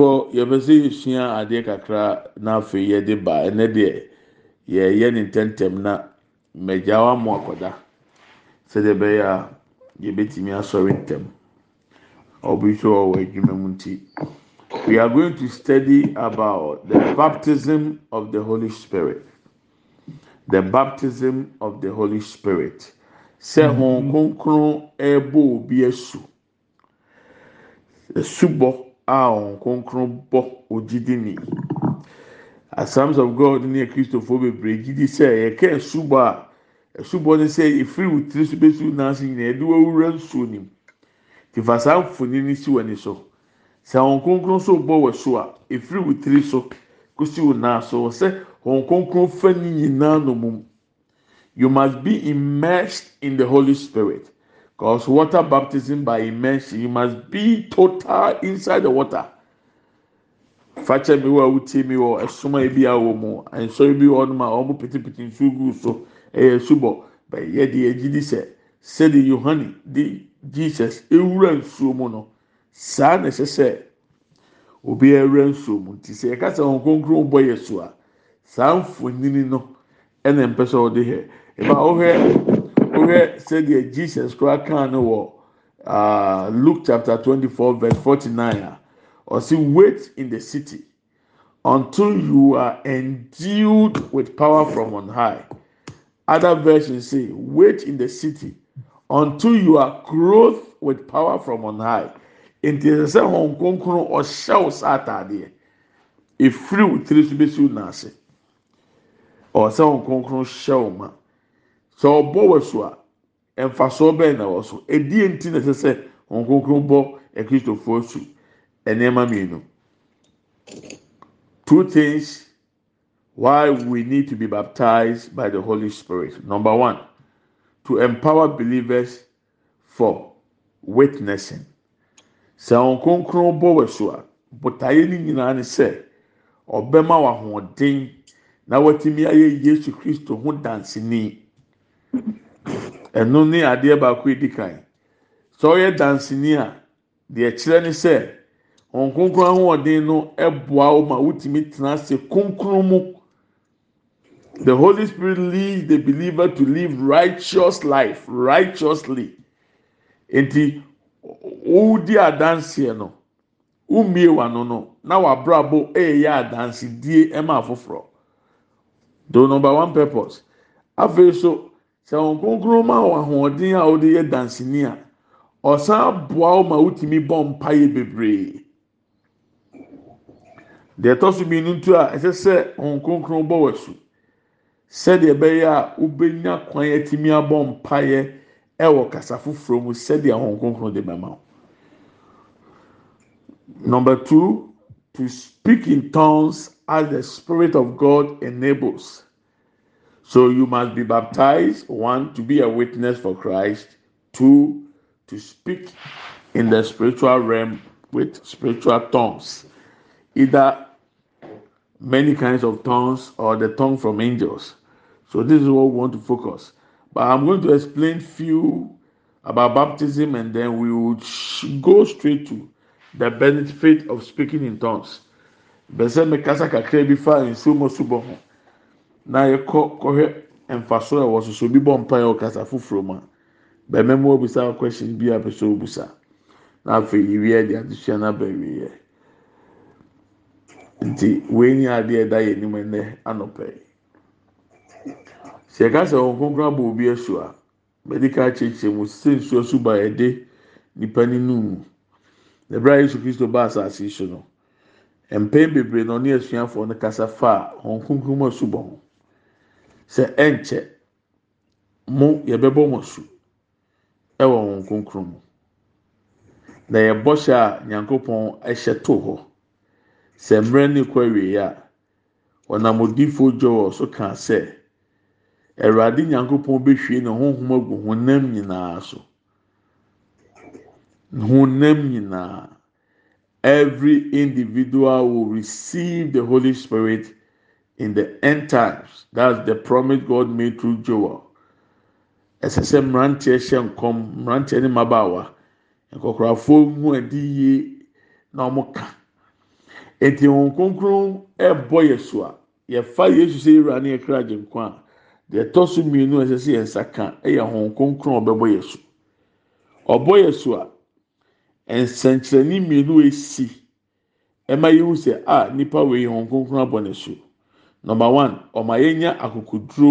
therefore adeɛ kakra ba ɛnɛ deɛ ne ntɛntɛm na wa akɔda sɛdeɛ a asɔre ntɛm ɔbi ɔwɔ adwuma mu nti we are going to study about the baptism of the holy spirit the baptism of the holy spirit sɛ hɔn kronkron ɛɛbɔ obi ahɔn kronkron bɔ ɔgye di ni assams of god neɛ christofoɔ bebreegyidi sɛ yɛka asubɔ a asubɔ no sɛ ɛfiri wo tiri so bɛsi wo naa so nyinaɛde woawura nsuɔ nim tifa saa mfoni no si w'ani so sɛ hɔn kronkron so wbɔ wɔ so a ɛfiri wo tiri so kosi wo naa so wɔ sɛ hɔn kronkron fa ni nyinaa nomum you mus be immersed in the holy spirit Because water baptism by immersion, you must be total inside the water. fakyɛ mi wɔ a mi wɔ ɛsoma ebi a wɔ mu nsɔre bi wɔ nom a wɔn pitipiti nsu gu so ɛyɛ subɔ bɛyɛ deɛ egyi di sɛ sɛde yohane di jesus ewura nsuo mu no saa na ɛsɛ sɛ obi ewura nsuo mu nti sɛ yɛkasa wɔn konkron bɔ yɛ so a saa mfonini no ɛna mpɛ sɛ ɔde hɛ ɛbaa ɔhɛ yɛhwɛ sɛdeɛ jesus kora kaa no wɔ ah, luke chapter twenty-four verse forty-nine a ɔsi wait in the city until you are endued with power from on high other versions say wait in the city until you are clothed with power from on high nti sɛ sɛ hɔn nkonkron ɔhyɛ wo saa ataadeɛ efiri wo tiri so besi wo naase ɔsɛ hɔn nkonkron hyɛ wo ma sɛ ɔbɔ wɔ so a. mfasoɔ bɛyɛ na wɔ so edie nti na ɛsɛ sɛ wɔn kokoro bɔ akristofoɔ su nneɛma mmienu two things why we need to be baptized by the holy spirit number one to empower believers for witnessing sɛ wɔn kokoro bɔ wɔ so a botaeɛ ne nyinaa ne sɛ ɔbɛma wɔ ahoɔden na wɔtumi ayɛ yesu kristo ho danseni. ɛno ne adeɛ baako edi kan sɛ dansini a deɛ kyerɛ ne sɛ wɔn ahoɔden no ɛboa wo ma wotumi tena ase kunkun mu the holy spirit leads the believer to live righteous life righteously nti wodi adanseɛ no wumie wano no na wabrabɔ ɛyɛ adansidie ɛma afoforɔ do number one purpose afei so sɛ wɔn kronkron ma wɔn ahoɔden a wɔde yɛ dansini a ɔsan boa ma wotumi bɔ mpaeɛ bebree deɛ ɛtɔ so mmienu nso a ɛsɛ sɛ wɔn kronkron bɔ wɔn so sɛdeɛ ɛbɛyɛ a wobɛnya kwan atumi abɔ mpaeɛ ɛwɔ kasa foforɔ mu sɛdeɛ wɔn kronkron de bɛma wɔn number two to speak in tongues as the spirit of God enables. So you must be baptized, one, to be a witness for Christ, two, to speak in the spiritual realm with spiritual tongues, either many kinds of tongues or the tongue from angels. So this is what we want to focus. But I'm going to explain few about baptism and then we will go straight to the benefit of speaking in tongues. fa subọ̀ na yɛkɔ kɔhwɛ mfaso a ɛwɔ so so obi bɔ mpa yɛ ɔkasa foforɔ mu a bɛmɛ mu obisa question bi a pɛ sɛ obisa na afei yɛwie de adesua na bɛwie yɛ nti wei ni adeɛ da yɛn anim ɛnɛ anɔpɛ sɛ yɛka sɛ wɔn nkonkora bɔ obi asu a medical kyekyere mu sɛ nsuo so ba yɛde nipa ne mu ɛbɛrɛ yesu kristo ba asaase so no mpɛn bebree na ɔne asuafoɔ no kasa fa a wɔn nkonkora mu asu bɔ ho. sɛ ɛnkyɛ mo yɛbɛbɔ mo su ɛwɔ wɔn kunkun mu na yɛbɔ hyɛ a nyankopɔn ɛhyɛ to hɔ sɛ mmerɛ ne kɔ awie a wɔnam odifo gyɔɔ so kaa sɛ awurade nyankopɔn bɛhwie ne honhom agu honam nyinaa so honam nyinaa every individual will receive the holy spirit. ɛsɛ sɛ mmeranteɛ hyɛ nkɔ mrante ne mabaawa nkrafoɔ hu adi yiee na ɔm ka nti honh kronkron bɔ yɛ so a yɛfa yesu sɛ yɛwura ne yɛkragyenko a deɛɛtɔ so menuɛsɛ sɛ yɛnsaka yɛ hohkronk a ɔbɛɔyɛ sɔbɔ yɛ so a nsɛnkyerɛne mmienu si ma yɛhu sɛnnipa eii hon kronkabɔns n o ɔma yɛnya akokoduro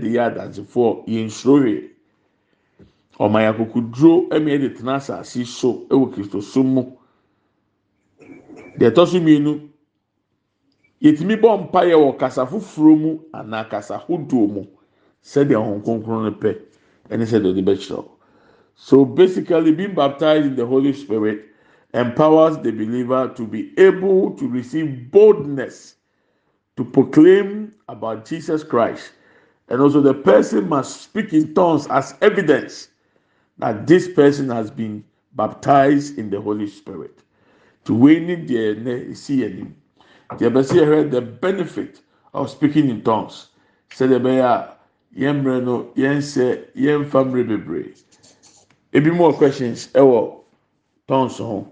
de yɛadansefoɔ yɛnsuroree ɔmayɛ akokoduro me de tena sasey so wɔ kristosom mu de ɛtɔ sommii n yɛtumi bɔɔmpa yɛwɔ kasa foforo mu anaa kasahodoɔ mu sɛdeɛ ho kronkrr no pɛ ne sɛdeɔdebɛkyerɛ so basically ben baptized in the holy spirit empowers the believer to be able to receive boldness to proclaim about Jesus Christ. And also, the person must speak in tongues as evidence that this person has been baptized in the Holy Spirit. To win the benefit of speaking in tongues. Said the yɛn yemre no yɛn nsɛ yɛn mfa mmerɛ bebree ebi mu questions Ewo tɔns ho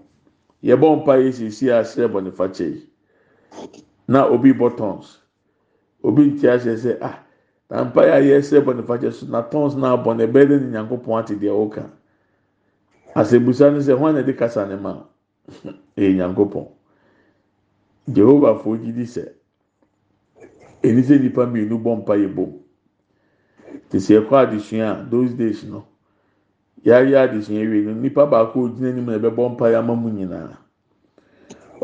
yɛbɔ mpa si sisi asrɛ bɔ nifa kyɛ na obi bɔ tons obi nti ahyɛ sɛ ah tampa yi a yɛsɛ bɔnifakyɛ so na tons na abɔ na ɛbɛyɛ de ne nyankopɔn ate deɛ ɔka asɛbusa no sɛ wɔn na ɛde kasa ne ma ɛyɛ nyankopɔn jehova fo gidi sɛ ɛni sɛ nipa mmienu bɔ mpa yɛ bom te sɛ ɛkɔ adesua a those days no yɛayɛ adesua wie no nipa baako ogyina anim na ɛbɛbɔ mpa yɛ ama mu nyinaa.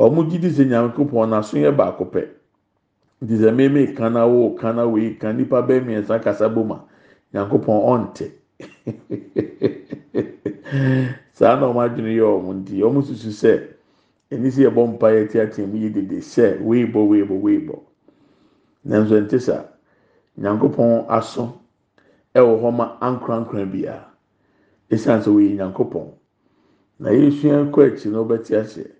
wɔn gyi di sɛ nyankopɔn n'aso yɛ baako pɛ di sɛ mmɛmɛ kana wo kana wei ka nipa bɛɛ mmiɛnsa kasa bɔ ma nyankopɔn ɔnte saa na wɔn adwene yɛ wɔn nti wɔn susu sɛ ɛni sɛ yɛbɔ mpa yɛ te ateɛ mu yɛ dede sɛ weebɔ weebɔ weebɔ nanso nte saa nyankopɔn aso ɛwɔ hɔ ma ankorankora biara esan sɛ wɔyɛ nyankopɔn na yɛsua kɔ akyi na wɔbɛte aseɛ.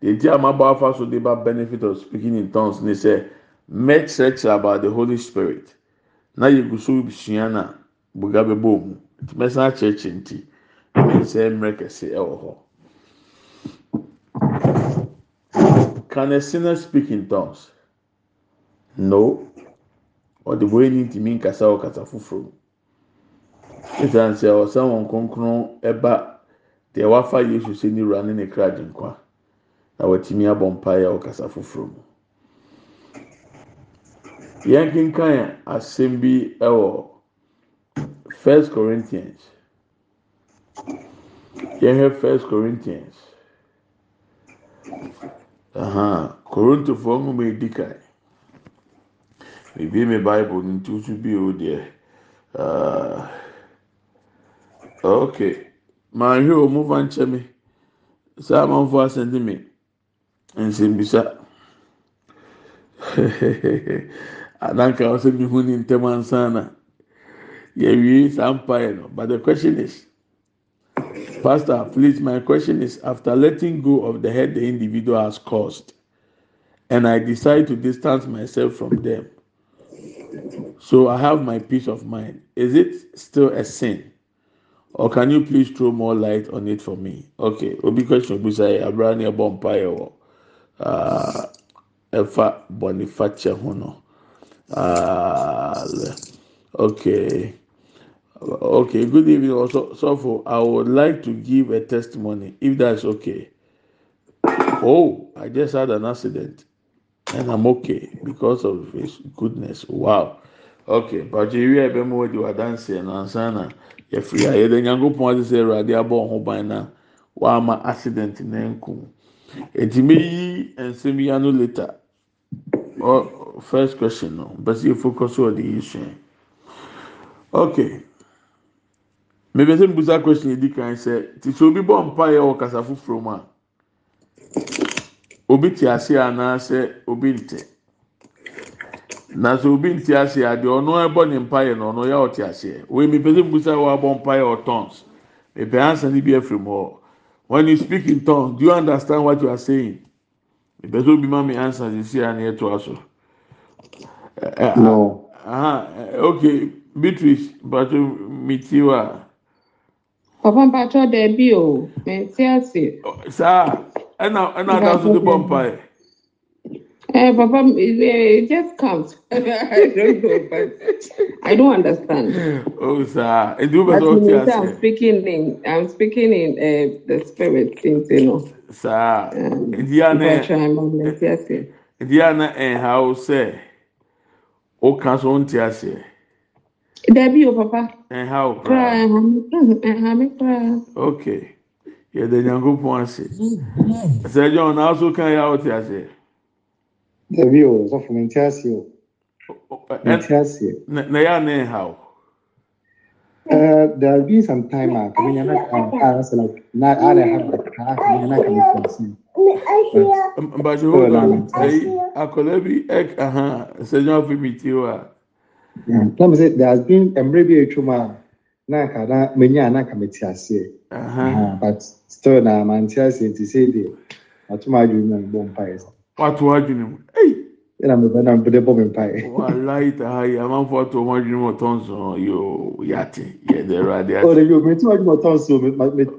deɛ ti a ma bɔ afa so de ba benefit of speaking in tongues ne sɛ make search about the holy spirit na yɛ gu so sua na buga bɛ bɔ mu mɛsan akyerɛkyerɛ nti ɛmɛ sɛ mmerɛ kɛse ɛwɔ hɔ. Can a sinner speak in tongues? No. Ɔdebɔ yi ni ntumi nkasa wɔ kasa foforɔ mu. Ɛsan sɛ ɔsan wɔn kronkron ɛba deɛ wafa Yesu sɛ ne wura ne ne kra di nkwa. wtumi abɔmpaeɛ a wɔkasa foforɔ mu yɛnkenka asɛm bi wɔ fst corinthians yɛhwɛ fist corinthians corintofɔ homɛdi ka mebie me bible no ntutu bio deɛk manhwɛ ɔmufa nkyɛ me sa amanfoɔ asɛntimi nsɛmbisa adanka ɔsɛ mihu ne ntɛm ansana yɛwie saa mpaeɛ no but the question is pastor please my question is after letting go of the head the individual has caused and i decide to distance myself from them so i have my peace of mind is it still a sin or can you please throw more light on it for me okay obi question bisa abrani ebo mpaeɛ wɔ. ɛfa uh, bɔnifakyɛ ho no uh, okay okay good evening also sofo i would like to give a testimony if that is okay oh i just had an accident and i'm okay because of his goodness wow okay bàjẹ́ ìwé ẹ̀bẹ̀ mu wọ́n di wà dánsì ẹ̀ nànsá nà yẹ fìyà yẹ dẹ̀ nyankó pọ́n àti sẹ́ ẹ̀rọ adé abọ́ ọ̀hún ban náà wàá ma accident náà ń kùn eti meyi nsɛm yi ano later ɔ first question no bɛsi efokɔ so ɔde yi sua okay mebɛsɛ mbusa question edi kan sɛ titi obi bɔ mpa yɛ wɔ kasa foforɔ mu a obi ti ase anaasɛ obi nte na sɛ obi nte ase adeɛ ɔno ɛbɔ ne mpa yɛ no ɔno yɛ ɔte aseɛ wei mebɛsɛ mbusa wɔ abɔ mpa yɛ ɔtɔns mebɛ ansa ne bi afiri mu hɔ when you speak in tongues do you understand what you are saying ìbẹ̀tẹ̀ obi ma mi answer ṣe sí àná ẹ̀tọ́ aṣọ. no. Uh, okay Beatrice bàtú mi ti wá. papa mpatọ dẹbi o mẹ tí a sè. sáà ẹ na ẹ na adáso ti bọ mpa Uh, Papa, it, it just comes. I don't know, but I don't understand. Oh, sir. It eh, do but what I'm speaking in, I'm speaking in uh, the spirit things, you know. Sir, um, Indiana, Indiana, and how say, O Casson on Tiasia. There be your papa. And how cry, and how me cry. Okay. Yeah, then you go once. Sir John, how so can you understand? nɛɛnayɛanehw akɔa bi sɛamafemetio amrɛ biatwom a nemanaka meteaseɛnamanteaseɛ ntisde atomdweaɛ wato adwene mu ei ɛna mebɛ na mede bɔ me mpae walai tahayi amanfo ato ɔmo adwene mu ɔtɔnso yo yate yɛde awurade ate ɔde yo meti adwene ɔtɔnso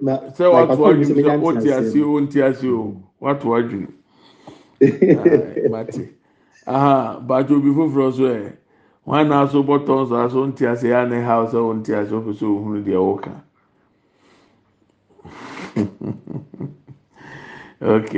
na sɛ wato adwene mu o wote ase o nte ase o wato adwene mate aha baatwa obi foforɔ so ɛ wọn na aso bɔ tɔnso aso nte ase ya ne ha sɛ o nte ase o pɛ sɛ o hunu deɛ okay.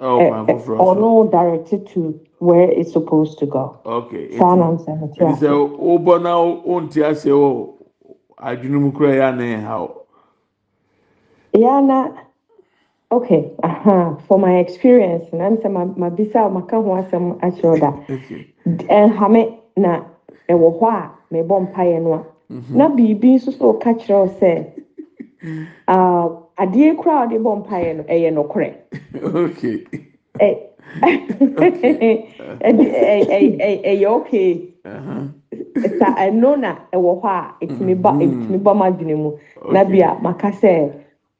Oh, uh, uh, or no directed to where it's supposed to go. Okay. It's a cemetery. Sɛ wobɔ na wonti say oh, I mu not ya na ha Yeah na okay uh-huh. for my experience na nsɛ ma ma bisa ma ka ho Okay. akyerɛ da. Nhame eh, na ɛwɔ me a mɛbɔ mpaeɛ no a. Mhm. Na biribi nso so ka kyerɛ sɛ. adeɛ kura a ɔde bɔ mpaeɛ no ɛyɛ nɔkorɛ ɛyɛ okay uh-huh. sa ɛno na ɛwɔ hɔ a ɛtumi ba mm-hmm. ɛtumi ba ma dwene mu na bia maka sɛ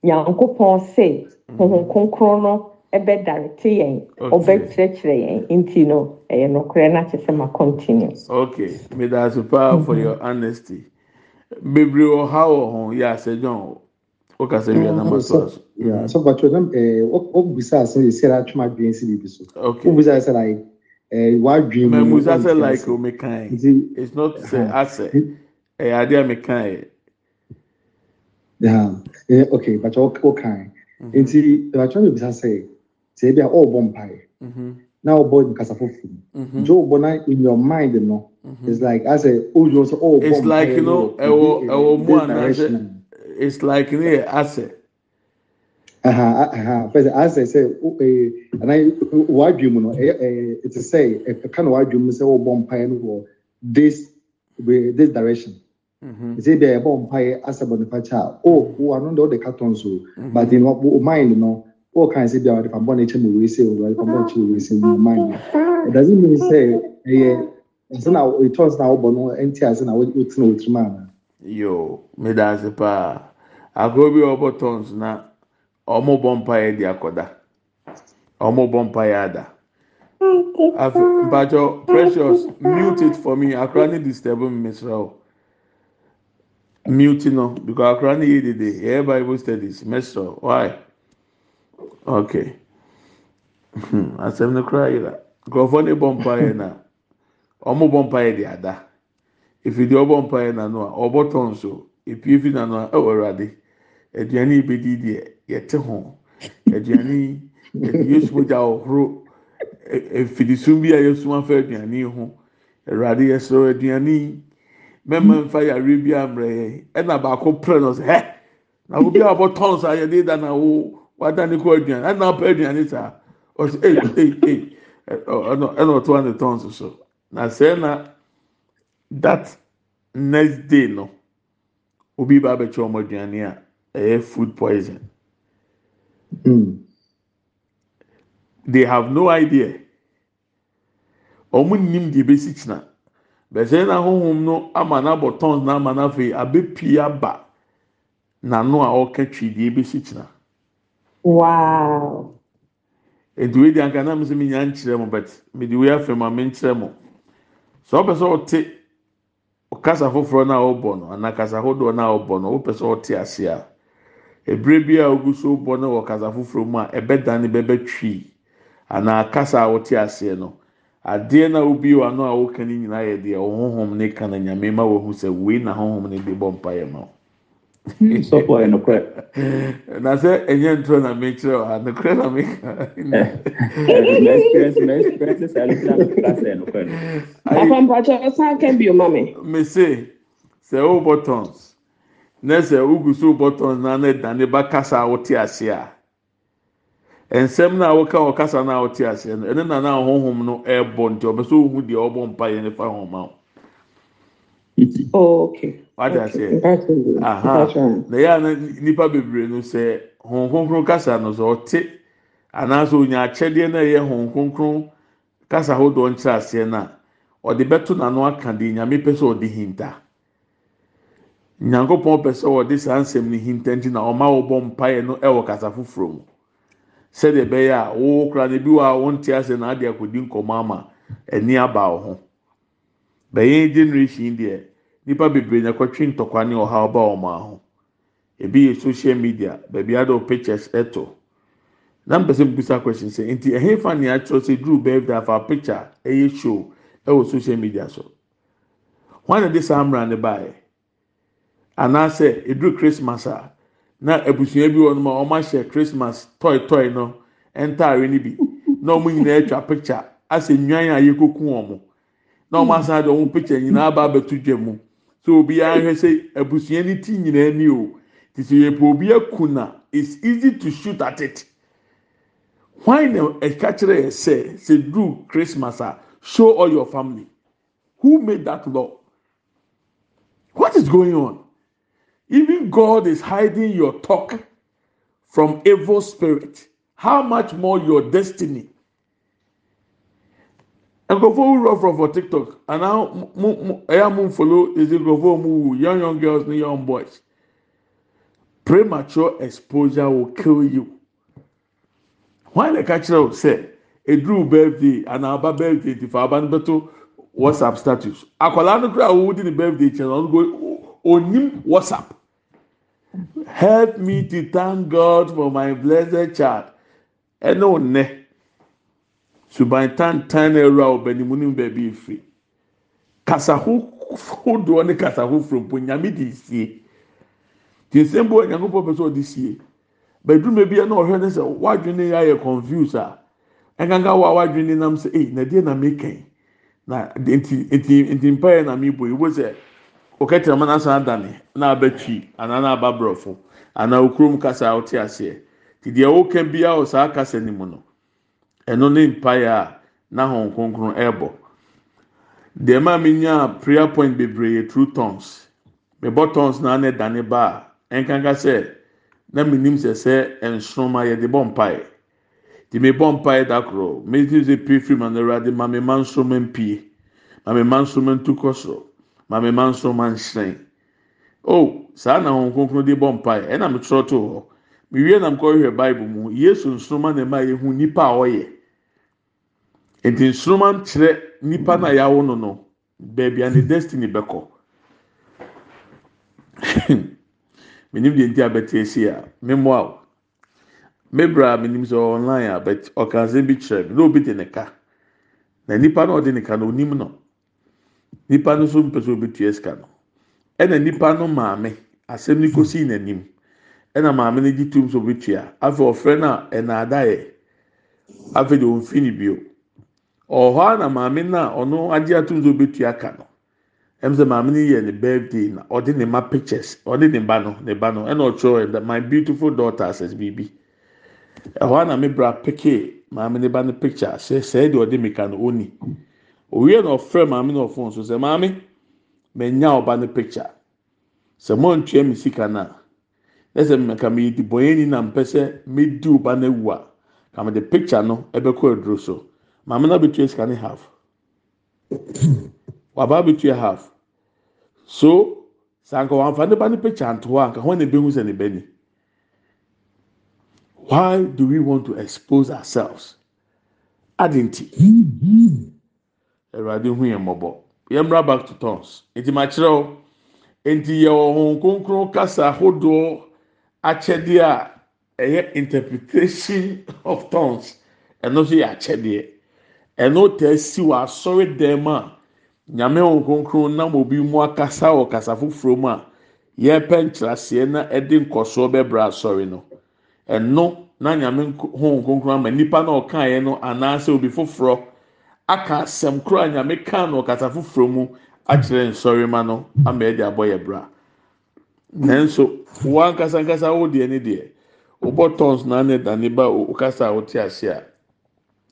nyankopɔn se mm-hmm. honhom kronkron no ɛbɛdarete yɛn ɔbɛkyerɛkyerɛ yɛn nti no ɛyɛ nɔkorɛ na kyerɛ sɛ ma continue. okay meda so paa for mm-hmm. your honesty bebree wɔ ha wɔ ho yɛ asɛdwan o. woka sɛ nama so sɔbatwɛ nam wobisa sɛ yɛsɛra atwom adwen si biribi so eh, wobisa sɛ like wadwen musa sɛ like o mekae it's not sɛ asɛ ɛyɛ adeɛ a mekae okay batwa wokae nti batwa no bisa sɛ sɛ ebi a ɔrebɔ mpae na ɔbɔ nkasa foforɔ nti ɔbɔ na in your mind no mm-hmm. it's like asɛ ɔdwo sɛ ɔrebɔ mpae it's like you know ɛwɔ mu anaasɛ is like near Ase. Aha, aha. But as I say, uh, and I why do you know? Eh, eh, it's a say, a eh, kind of why do you say, oh, bomb or this this direction. Is mm-hmm. it Say the bomb pie as a bonifacha. Oh, who are not all the cartons, oh. mm-hmm. but in what oh, mind, you know, what oh, can I say? If I'm born, we say, or if I'm born, we say, mind. It doesn't mean say, yeah, it's now it turns now, but no, and tears and I would know it's man. Yo, me that's the power. agorɔ bi a ɔbɔ tons na wɔn bɔ mpaeɛ de akɔda wɔn bɔ mpaeɛ ada afi mpatsɔ precious mute it for me akora ne disturb me mesra o mute no because akora ne yɛ dede yɛ bible studies mesra why okay asɛm no kora yira nkurɔfoɔ ne bɔ mpaeɛ na wɔn bɔ mpaeɛ de ada efi deɛ ɔbɔ mpaeɛ na no a ɔbɔ tons o epie fi nano a ɛwɔ awurade aduane yi bɛdi deɛ yɛte ho aduane yi yɛde yesu mogya ɔhoro efirisum bi a yesu afa aduane yi ho awurade yɛsrɛ aduane yi mɛma nfa yare bi amrɛ yɛn ɛna baako pere no sɛ hɛ na obi a ɔbɔ tɔn saa yɛde da na wo wada ne kɔ aduane ɛna apɛ aduane saa ɔsɛ ee ee ee ɛna ɛna ɔtoa ne tɔn so so na sɛ na that next day no. wobi bɛa bɛkyɛ ɔmɔ aduane a yɛ food poison hmm. the have no idea ɔ mo nnim deɛ bɛsi kyina bɛsɛi ne hohom no ama no botons na ama noa afei abɛpi aba nano a ɔka twe deɛ bɛsi kyina nti idi anka name sɛ menya nkyerɛ mɔ but mede wiiafeimame nkyerɛ mɔ sɛ ɔpɛ sɛ ɔte kasa foforɔ no a ɔbɔ no anaa kasa ahodoɔ no a ɔbɔ no wopɛ sɛ ɔte ase a ebire bi a ogu so bɔ no wɔ kasa foforɔ mu a ɛbɛdane bɛbɛtwi anaa kasa a ɔte aseɛ no adeɛ na obi wɔ ano a ɔka ne nyinaa yɛ deɛ ɔhohom ne ka na nyame ma wɔhu sɛ wei na ahohom ne de bɔ mpa yɛ ma o. na sị enye ntụ na mekyerɛ ọha nọkwara na meka apampatwa ọsọ aka bi ọma mi. mese sɛ o bɔtɔns na sɛ o gu so bɔtɔns na na dane ba kasa a wɔte ase a nsɛm na wɔka wɔ na wɔte ase no ɛne na na ahohom no ɛbɔ nti ɔbɛ so ohu deɛ ɔbɔ mpa yɛn nifa ahoma o. na oh, ya na nipa bebree no sɛ honhom kasa no sɛ ɔte na onya akyɛdeɛ na ɛyɛ honhom kronkron kasa ahodoɔ nkyerɛ aseɛ na aka de nyame saa na ɔma wɔbɔ mpaeɛ no ɛwɔ kasa foforɔ mu sɛdeɛ ɛbɛyɛ a bi ase na ade ani aba wo bɛyɛ generation deɛ nipa bebree na kɔtwe ntɔkwa ne ɔha ɔba wɔn aho ebi yɛ social media baabi adɔ pictures ɛtɔ na mpɛsɛ busa question sɛ nti ɛhɛn fa nea akyerɛ sɛ duru bɛɛ da fa picture ɛyɛ show ɛwɔ social media so wɔn na de saa mmra ne baeɛ anaasɛ eduru christmas a na abusua bi wɔ no ma wɔn ahyɛ christmas toy toy no ntaare no bi na wɔn nyinaa atwa picture asɛ nwan a yɛkoku wɔn. na ɔmo asan de ɔmo picture nyinaa hmm. ba abɛto dwa mu so obiara hwɛ sɛ abusua ne ti nyinaa ni o te sɛ yɛpɛ obi aku it's easy to shoot at it why na ɛka kyerɛ yɛ sɛ sɛ do christmas a show all your family who made that law what is going on even god is hiding your talk from evil spirit how much more your destiny nkurɔfoɔ wurɔforɔ for tiktok anaa mu mu ɛyà mu nfolo ezi nkurɔfoɔ mu wu young young girls ni young boys premature exposure will kill you wọn yẹn ka kyerɛ o sɛ eduru birthday anaa aba birthday ti fa aba no bɛto whatsapp status akwadaa no kura awo di ne birthday kyɛn ɔno go onim whatsapp help me to thank god for my blessed child ɛna onɛ. suban tantan na ɛwura eh, ɔbɛnimu ne baabi efiri kasa hodoɔ ne kasa hoforɔ mpo nyame de esie te nsɛm bo nyankopɔn pɛ sɛ ɔde sie bɛdume bi na ɔhwɛ ne sɛ wadwene ayɛ confuse a ɛnkanka wa wadwene nam sɛ ee na deɛ na mekɛn na nti nti nti mpaeɛ na mebɔ yi wo sɛ ɔkɛtɛrɛ ma n'asan adane na abɛtwi anaa na aba borɔfo anaa okurom kasa a ɔte aseɛ te deɛ ɔka bi a ɔsaa kasa ne mu no. ɛno ne mpaeɛ a na hɔn kronkron ɛrebɔ deɛ maa mi nya prayer point bebree through tongues mebɔ tongues na ne dane ba a nkanka sɛ na mi nim sɛ sɛ nsoroma yɛde bɔ mpaeɛ te mi bɔ mpaeɛ dakoro mi ti sɛ pie firi ma na awurade ma mi ma nsoroma mpie ma mi ma nsoroma ntu kɔ soro ma mi ma nsoroma nhyerɛn o oh, saa na hɔn kronkron de bɔ mpaeɛ ɛna mi twerɛ to hɔ. mewie namkɔɛhwɛ bible mu yesu nsoroma no ma a yɛhu nnipa a ɔyɛ nti nsoroma nkyerɛ nnipa no ayɛawo no no baabiane destiny bkɔesɛɛasɛ kyeɛneɔana nipa no maamesɛmnkɔsiinanim ɛna maame no gye tum so bi tia afei ɔfrɛ no a ɛnaada yɛ afei de ɔmfi ne bio ɔhɔ na maame no a ɔno agye atum so bi tia ka no ɛmu sɛ maame no yɛ ne birthday na ɔde ne ma pictures ɔde ne ba no ne ba no ɛna ɔtwerɛ ɛda my beautiful daughter says biribi ɛhɔ na me bra peke maame ne ba no picture sɛ sɛ deɛ ɔde mika no ɔni owie na ɔfrɛ maame no ɔfon so sɛ maame mɛ nya ɔba no picture sɛ mo ntua mi sika naa ɛsɛ mmeka mi di bɔnyɛni na mpɛ sɛ mi di o ba na ewu a ka mi di picture no ɛbɛkɔ aduro so maame na betua sika ne half waba betua half so sanka wamfa ne ba ne picture antoa nka wɔn na ebi hu sɛ ne bɛ ni why do we want to expose ourselves adi nti ɛwurade hu yɛn mɔbɔ yɛn mra back to tons nti ma kyerɛw nti yɛ wɔ hɔn kronkron kasa ahodoɔ. akyɛdeɛ a ɛyɛ interpretation of tongues ɛno nso yɛ akyɛdeɛ ɛno taa si wɔ asɔre dan mu a nyame wɔn kronkron nam obi mu akasa wɔ kasa foforɔ mu a yɛrepɛ nkyerɛseɛ na ɛde nkɔsoɔ bɛbrɛ asɔre no ɛno na nyame wɔn kronkron ama nipa na yɛ no anaasɛ obi foforɔ aka asɛm koro a nyame kaa na ɔkasa foforɔ mu akyerɛ nsɔre ma no ama ɛde abɔ yɛ bra. Mm. nanso wo ankasa ankasa wo deɛ ne deɛ wobɔ tons na ne da ne ba o a wote ase a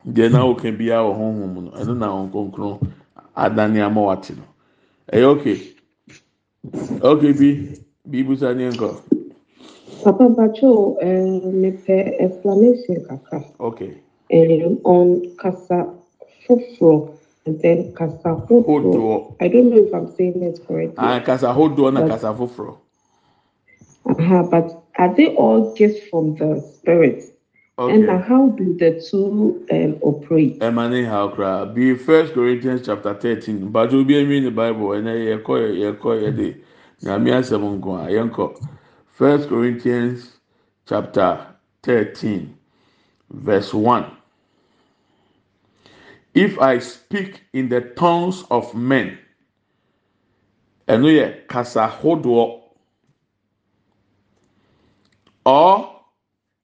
deɛ na woka biara ọhụrụ honhom no ɛno na wɔn kronkron adane ama wate no ɛyɛ bi ne nkɔ. papa eh, explanation ok. Um, on kasa and then kasa hodoɔ. i don't know if i'm saying correctly. ah kasa hodoɔ na kasa uh but are they all gifts from the Spirit? Okay. And uh, how do the two um, operate? Emmanuel Halkra, be First Corinthians chapter 13, but you'll be in the Bible and I call you, I call you the Namia Yanko. First Corinthians chapter 13, verse 1. If I speak in the tongues of men, and we are or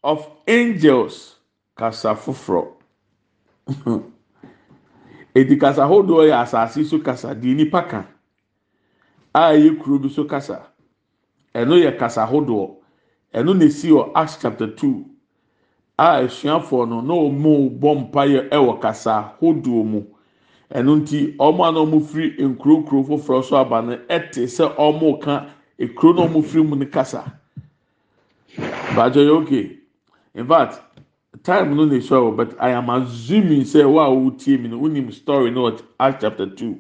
of angels kasa foforɔ edi kasa ahodoɔ yɛ asaase so kasa di nipa ka a ɛyɛ kuro bi so kasa ɛno yɛ kasa ahodoɔ ɛno na esi wɔ Acts chapter two a esuafoɔ no na wɔn bɔ mpaeɛ ɛwɔ kasa ahodoɔ mu ɛno nti wɔn a na wɔn firi nkuro nkuro foforɔ so aba no ɛte sɛ wɔn ka ekuro na wɔn firi mu no kasa. bàtà yẹ okay in fact time no dey show but i am assuming say wa o tie mi unim story no at acts chapter two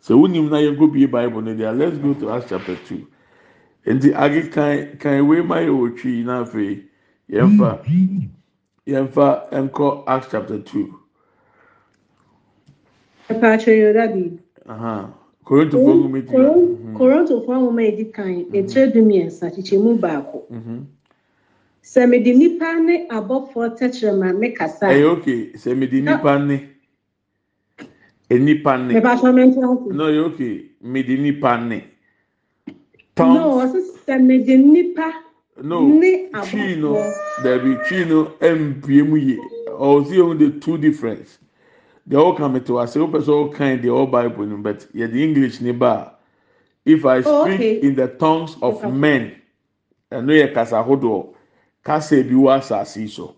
so unim na you go bie bible no there let's go to acts chapter two nti agi kan kan wei ma yẹ tree yi n'afẹ yẹn fa yẹn fa acts chapter two. Apaatwa yɛ dabi. Korontofoɔ nwoma edi kan. Korontofoɔ nwoma edi kan etire du mmiɛnsa kyekyɛ mu baako. sɛ mede nnipa ne abɔfoɔ tɛkyerɛma ne kasa ɛyɛ oke sɛ mede nnipa ne nnipa ne no ɛyɛ oke mede nnipa ne pound no ɔsi sɛ ne abɔfoɔ twii no dabi twii no mpie mu yie ɔsi the two difference deɛ ɔka to wa sɛ ɔpɛ sɛ ɔkan deɛ ɔba ibo no but yɛde english ne ba if i oh, speak oh, okay. in the tongues of okay. men ɛno yɛ kasa ahodoɔ. kasa ebi wɔ asase yi so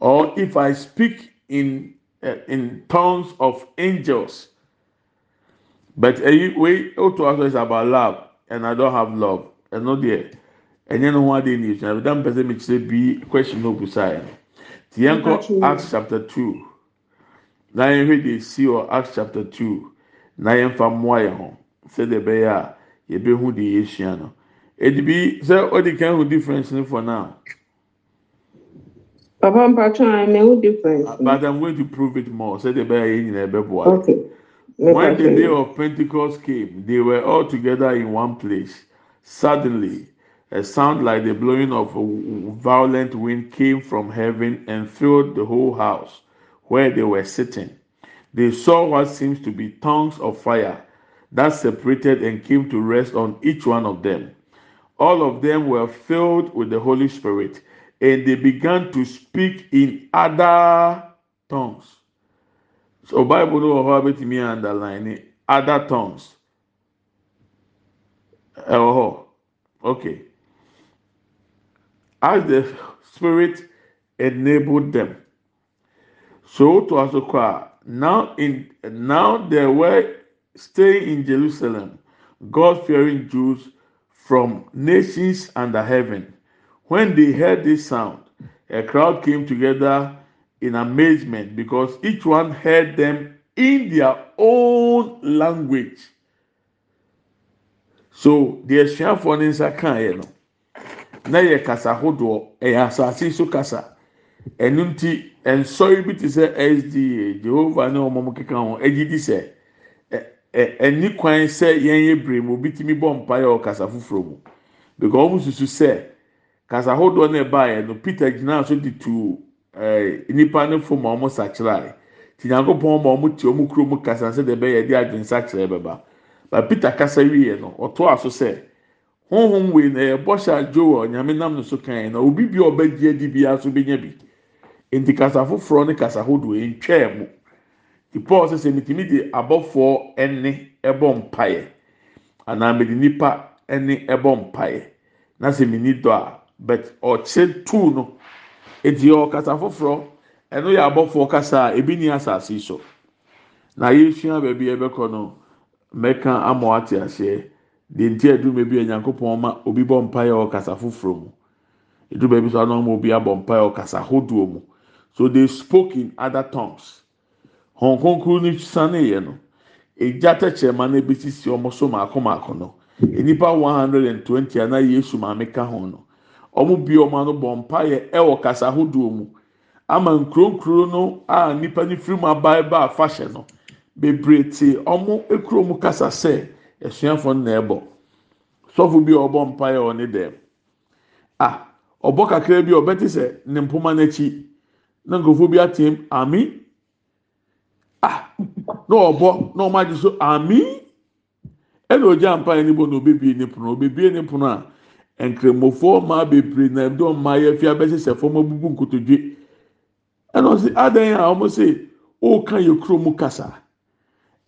or if i speak in uh, in tongues of angels but eyi eh, wey o oh, to aso is about love and i don't have love ɛno deɛ ɛnyɛ no ho adi ni esu na ebi dan pɛsɛ mi say bi question no busa yɛ ti acts chapter two na yɛn hwɛ de si or acts chapter two na yɛn fa mmoa yɛn ho sɛdeɛ ɛbɛyɛ a yɛbɛhu de yɛsua no edibi sɛ ɔdi kan ho difference ni for now. Papa difference. Uh, but I'm going to prove it more. Eh, okay. When the day of Pentecost came, they were all together in one place. Suddenly, a sound like the blowing of a violent wind came from heaven and filled the whole house where they were sitting. They saw what seems to be tongues of fire that separated and came to rest on each one of them. All of them were filled with the Holy Spirit and they began to speak in other tongues. So Bible no how bit me underline other tongues. Oh, okay. As the spirit enabled them. So to Asokwa, now in now they were staying in Jerusalem, God-fearing Jews from nations under heaven. When they heard this sound, a crowd came together in amazement because each one heard them in their own language. So the asuafoɔ ne nsa kan yɛ no na yɛ kasa ahodoɔ ɛyɛ asase so kasa ɛnu nti nsɔre bi te sɛ sda jehova ne wɔn keka ho agyi di sɛ ɛ ɛni kwan sɛ yɛn yɛ bere mu obi ti mi bɔ mpa yɛ ɔkasa foforɔ mu because wɔn susu sɛ kasa ahodoɔ no ɛbaeɛ no peter gyina so de tu ɛɛ eh, nipa ne fom a wɔn sakyera te nyankopɔn ma wɔn te wɔn kuro mu kasa sɛ deɛ ɛbɛyɛ de adwene sakyera bɛba ba peter kasa wieɛ no ɔtoa so sɛ honhom wei na ɛyɛ bɔhyɛ adwo wɔ nyame nam no so kan na obi bi a ɔbɛgye adi bi aso bɛnya bi nti kasa foforɔ ne kasa ahodoɔ yi ntwɛɛ mu ti paul sɛ sɛ mitimi de abɔfoɔ ɛne ɛbɔ mpaeɛ anaa mede nipa ɛne ɛbɔ mpaeɛ na sɛ mi dɔ a. but ɔkyerɛ tuu no eti ɔkasa foforɔ ɛno yɛ abɔfoɔ kasa a ebi ni asase yi so na yɛsua baabi ɛbɛkɔ no mɛka ama ɔate aseɛ deɛ nti adume bi ɛnyankopɔn ma obi bɔ mpaeɛ ɔkasa foforɔ mu edu baabi so anɔ ma obi abɔ mpaeɛ ɔkasa ahodoɔ mu so they spoke in other tongues hɔn konkuru no sane yɛ no egya tɛkyerɛma no ebi sisi wɔn so maako maako no enipa one hundred and twenty ana esu maame ka ho no. wɔn bue wɔn ano bɔ mpaeɛ wɔ kasa ahodoɔ mu ama nkuronkuro no a nnipa no firi mu abae ba afahyɛ no bebree te wɔn kuro mu kasa sɛ asuafoɔ no na ɛbɔ sɔfo bi a ɔbɔ mpaeɛ wɔ ne dɛm a ɔbɔ kakra bi a ɔbɛte sɛ ne mpoma n'akyi na nkurɔfoɔ bi atem ami a na ɔbɔ na wɔn agye so ami ɛna ogya mpaeɛ no bɔ na obebie ne pono obebie ne pono a. nkramofoɔ mmaa bebree na ɛdɔm mmaa yɛ fi abɛhyehyɛ fam abubu nkotodwe ɛna ɔsi adan a wɔn sɛ ɔreka yɛ kurom kasa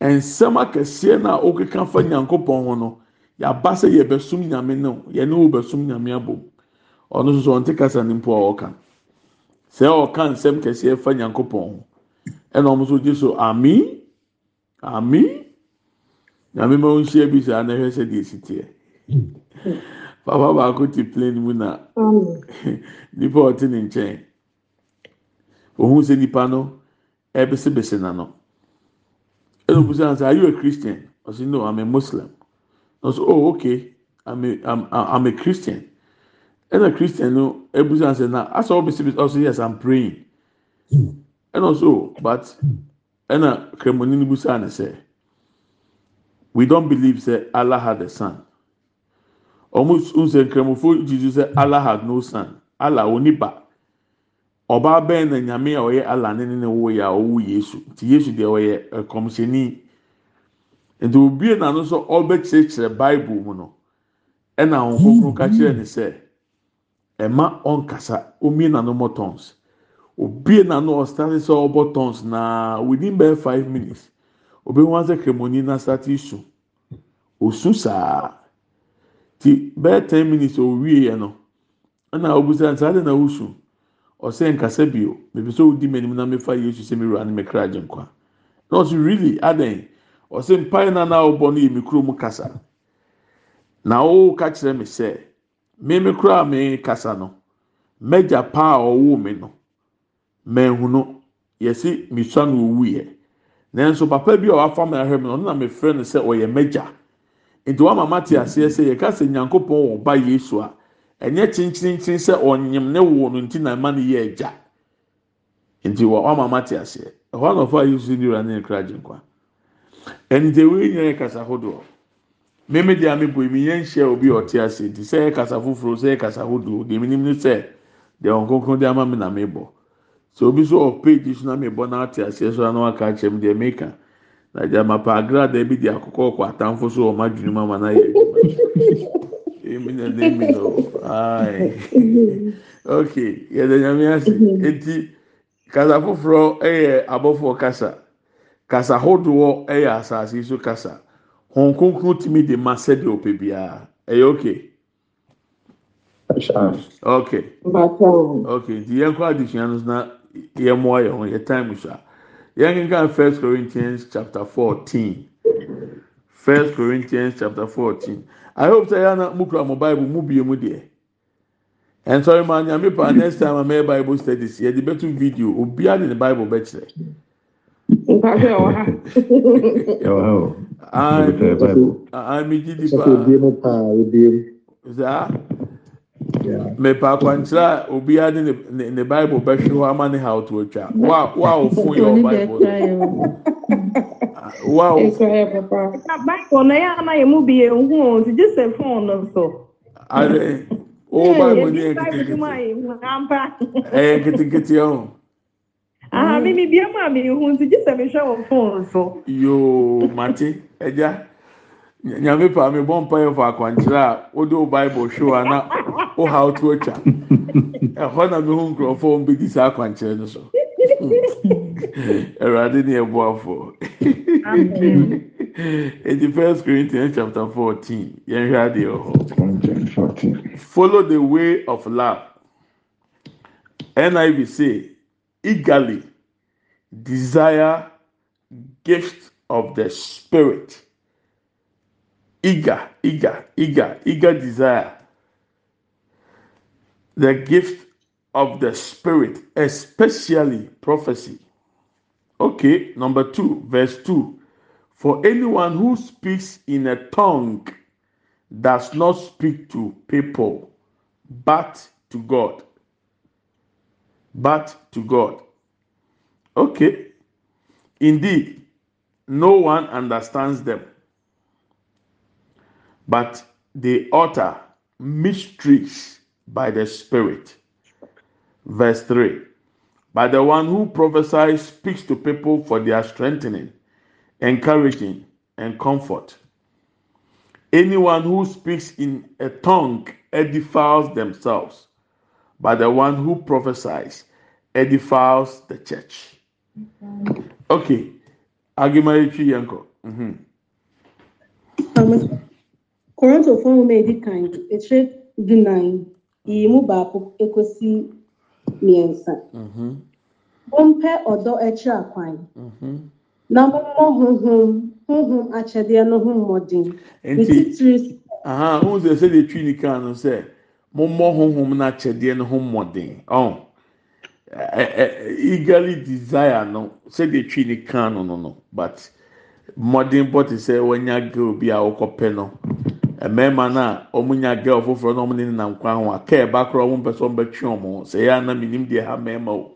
nsɛm akɛseɛ na ɔkeka fa nyankopɔn ho no yaba sɛ yɛbɛsum nyame no yɛne ɔbɛsum nyame abom ɔno nso ɔnte kasa ne mpo a ɔka sɛ ɔka nsɛm kɛseɛ fa nyankopɔn ho ɛna wɔn nso gye so ami ami nyame ma wɔn bi saa na ɛhwɛ sɛ deɛ esi teɛ papa baako te plane mu na mm. nipa ɔte ne nkyɛn ohun sɛ nipa no ɛbisibisi n'ano ɛna obi sɛ ansa are you a christian ɔsi no i'm a muslim ɔsi oh okay i'm a i'm, I'm a christian ɛna christian no ebi sɛ ansa na asɛ ɔbisibisi ɔsi yes i'm praying ɛna ɔsi but ɛna kremoni no bi sɛ ansa we don believe say allah had a son wɔn nsɛ nkramofo gyidzi sɛ allah has no son allah oni ba ɔbaa bɛn na nyame a ɔyɛ allah ne ne ne wo yɛ a ɔwɔ yesu nti yesu deɛ ɔyɛ ɛkɔmhyɛni eh, nti obie n'ano nso ɔbɛkyerɛkyerɛ bible mu no ɛna wɔn kɔkɔrɔ ka kyerɛ ne sɛ ɛma ɔnkasa omie n'ano mɔ tons obie n'ano ɔstane sɛ ɔbɔ tons na within bɛyɛ five minutes obi wɔn kremoni na sati isu osu saa. ti bɛyɛ ten minutes owie yɛ no ɛna obusa nsa adi na osu ɔsɛ nkasa bio ebi so odi m'anim na mefa yesu sɛ mi wura ne mekra agye nkwa na ɔsi really adan ɔsɛ mpae na na ɔbɔ no yɛ mi mu kasa na ɔka kyerɛ mi sɛ mímí kura mi kasa no mɛgya paa ɔwɔ mi no mɛnhu no yɛsi mi sua no owu yɛ nanso papa bi a wafa mi ahwɛ mi no ɔno na mi frɛ no sɛ ɔyɛ mɛgya. nti wama mate aseɛ sɛ yɛka sɛ nyankopɔn wɔ ba yesu a ɛnyɛ kyenkyenkyen sɛ ɔnyim ne wo no nti na ma no yɛ agya nti wama mate aseɛ ɛhɔ anɔfo a yesu ni wura ne nkira gye nkwa ɛnde wei nyɛ kasa hodoɔ mímí di ami bui mi yɛn hyɛ obi ɔte ase nti sɛ yɛ kasa foforɔ sɛ yɛ kasa hodoɔ deɛ mi nim ne sɛ deɛ wɔn kɔnkɔn de ama mi na mi bɔ sɛ obi so ɔpɛ so na mi bɔ na ate aseɛ so na waka akyɛm deɛ mi ka. n'agya mapa agrada bi di akokɔ kɔ atamfo so wɔn adwene mu ama n'ayɛ adwuma emi na n'emi na o ayi ok yɛde nyame ase mhm. eti kasa foforɔ yɛ abɔfoɔ kasa kasa hodoɔ yɛ asaase so kasa hɔn kunkun tumi de ma sɛdeɛ ɔpɛ biara ɛyɛ ok ok ok nti yɛn kɔ adesua no na yɛn mmoa yɛn ho yɛ time so a. yẹn kan first corinthians chapter fourteen first corinthians chapter fourteen i hope sẹ yana mu kura mo bible mu bie mu deɛ nsọrọ maa nyame pa next time amẹ bible studies yẹ di bẹtu video obiara de ne bible bẹ kyerɛ. mpahwɛ ɛwɔ ha. ɛwɔ ha o. ayi mi gidi paa. ebien mu paa ebien mu. mepaakwankyerɛ a obiaa de ne bible bɛhwe hɔ ama ne hawtotwa wawofon ɛmayɛ mu biɛnhuuɔt gye sɛ fo no oɛketeketeɛ ho memebiam mm. a mehu ti gye sɛ mehwɛ wɔ fosomtea nyame pa mi bɔ mpa yɛ fɔ akwankyerɛ a wode wo bible show a na wo ha to atwa ɛhɔ na mehu nkurɔfoɔ mbɛdi saa akwankyerɛ no so awurade ne ɛboafoɔ first corinthians chapter fourteen yɛnhwɛ adeɛ hɔ follow the way of love niv say eagerly desire gift of the spirit eager, eager, eager, eager desire. The gift of the Spirit, especially prophecy. Okay, number two, verse two. For anyone who speaks in a tongue does not speak to people, but to God. But to God. Okay. Indeed, no one understands them but they utter mysteries by the Spirit. Verse 3 But the one who prophesies speaks to people for their strengthening, encouraging, and comfort. Anyone who speaks in a tongue edifies themselves, but the one who prophesies edifies the church. Okay, Agimayichi Yanko. Mm-hmm. Koronto Forume Edikang Eche Dunai Iyimuba Ekosi Miensa Gompe Odo Eche Akwai na mmụọ huhum huhum akyɛdeɛ no ho mmɔden ne titiri. aha ohun sɛ sɛ de twi nika no sɛ mmụọ huhum na akyɛdeɛ no ho mmɔden ɔn ɛ ɛ eagerly desire no sɛ de twi nika no no no but mmɔden bɔ te sɛ wɔnya girl bi a wɔkɔpɛ no. mmarima no a wɔn nya girl foforɔ na wɔn ne nam kwan ho a kaa ɛba koraa wɔn mpɛ sɛ wɔn bɛtwe wɔn ho sɛ ɛyɛ anam enim deɛ ha mmarima o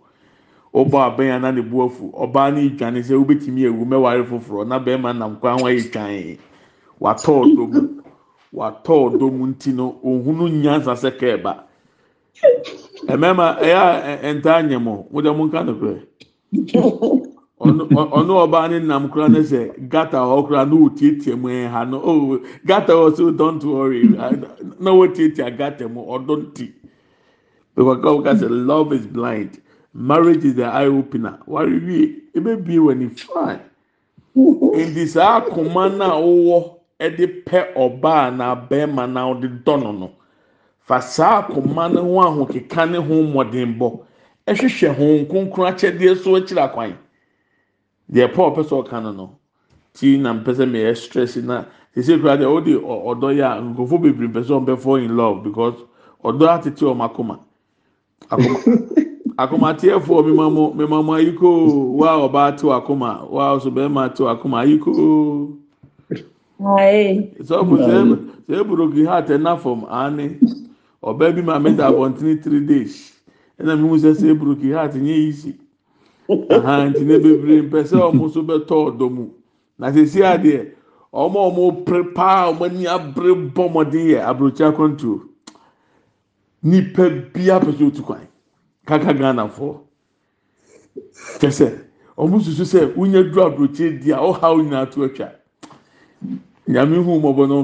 ɔbɔ abɛn na ne bu afu ɔbaa no edwane sɛ wobɛtumi ewu mɛware foforɔ na barima nam kwan ho ayɛ twan watɔ ɔdɔ mu watɔ ɔdɔ mu nti no ohunu nyansa sɛ kaa ɛba mmarima ɛyɛ a ntaa nyɛ mo mo deɛ nka no korɛ. ɔno ɔbaa nna nam kura gata ha o oh, gata hɔ so don't worry na gata mu ɔdɔ nti because God ka love is blind marriage is the eye opener wari wie ebe bie wɔ ni fine nti saa akoma na ɔwɔ ɛde e pɛ ɔbaa na ma na ɔde dɔ fa saa akoma ne ho ahokeka ne ho mmɔdenbɔ ɛhwehwɛ e ho nkonkron akyɛdeɛ deɛ paul pɛ sɛ ɔka no no ti na mpɛ sɛ meyɛ stress na sisi kura deɛ ɔde ɔdɔ yɛ a nkurɔfoɔ bebree mpɛ sɛ ɔmpɛ fall in love because ɔdɔ atete ɔmo akoma akoma akomateɛfoɔ mimamu mimamu ayiko wa ɔbaa te akoma wa ɔso bɛrima te akoma ayiko. sọfù sẹ buroki ha tẹ na fọm ani ọbẹ bi ma mẹta abọntini three days ẹna mi mu sẹ sẹ buroki ha nye yi si. nti ne bebree mpɛ sɛ ɔmo nso bɛtɔ ɔdɔ mu na sisi adeɛ ɔmo ɔmo paa ɔmo ani abere bɔ ɔmɔden yɛ aburokyi nipa bia pɛ otu kwan kaka ghana foɔ kyɛsɛ ɔmo susu sɛ wonya duro aburokyi di a ɔha nyinaa to atwa nyame hu mɔbɔ na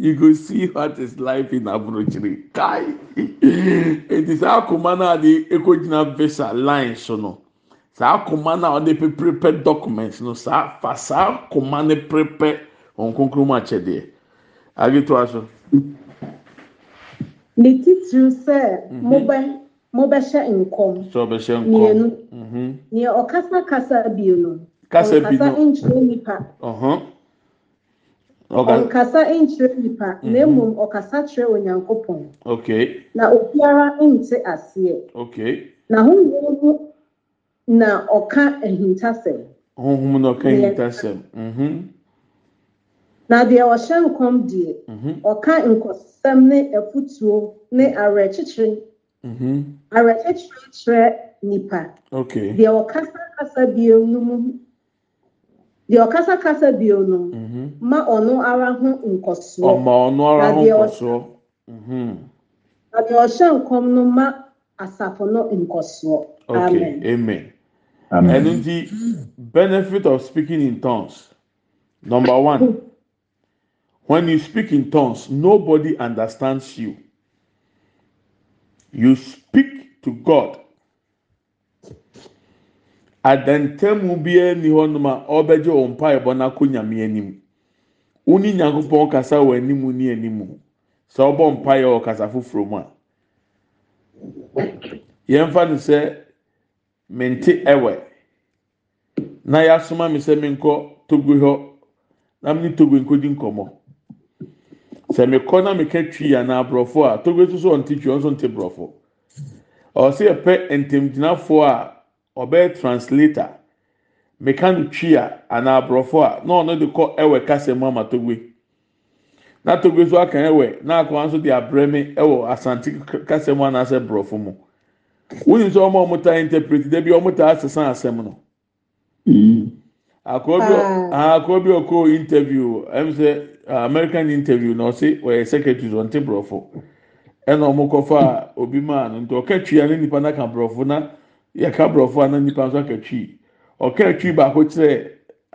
satslife nabrɔkyiri k nti saa koma no ade ɛkɔgyina visa line so no saa koma no a ɔde peprepɛ document no saafa saa koma ne prepɛ hɔn kronkronm akyɛdeɛ agetoa so ne titiriw sɛ mobɛhyɛ nkɔsɛ ɔbɛyɛ nkɔɛkaskasa bkasabp ọkasa nkyerɛ nnipa na mhm. mmom ɔkasa kyerɛ onyankopɔn na obiara nte aseɛ na honhom no na ɔka ahintasɛm honhom na ɔka ahintasɛm mhm. na deɛ ɔhyɛ nkɔm deɛ mhm. ɔka nkɔsɛm ne afutuo ne awerɛkyekyere awerɛkyekyere kyerɛ nnipa deɛ ɔkasa kasa biara mu deɛ ɔkasakasa bio no mhm. ma ɔno ara ho nkɔsoɔ ɔma ɔno ara ho nkɔsoɔ mhm. na deɛ ɔhyɛ nkɔm no ma asafo no nkɔsoɔ amen amen ɛno the benefit of speaking in tongues number one when you speak in tongues nobody understands you you speak to God adantamu biara nni hɔnom a ɔrebɛgye wɔn mpaebɔ no akɔ nyame anim wo ne nyankopɔn kasa wɔ anim ne anim sɛ ɔbɔ mpaeɛ wɔ kasa foforɔ mu a yɛmfa no sɛ mente ɛwɛ na yɛasoma me sɛ menkɔ togo hɔ na mene togo nkɔdi nkɔmmɔ sɛ mekɔ na meka twi na borɔfo a togo so so ɔnte twi ɔnso nte borɔfo ɔwɔ sɛ yɛpɛ a ɔbɛyɛ translator mekano twi a anaa aborɔfo a na ɔno de kɔ ɛwɛ kasa mu ama togbe na togbe nso aka ɛwɛ na akɔwa nso de abrɛ mi ɛwɔ asante kasa mu anaasɛ borɔfo mu wúni sọ ọmọ ọmọ ta interpret dẹbi ọmọ ta asesan asẹm no akọọ bi ọkọ interview ẹm sẹ ah, American interview na ọsẹ ọyẹ secretary sọ ntẹ borɔfo ɛna ọmọ kọfà obi maa no nti ɔka ne nipa n'aka borɔfo na. yɛka borɔfo na nipa nso akatwi ɔka atwi baako kyerɛ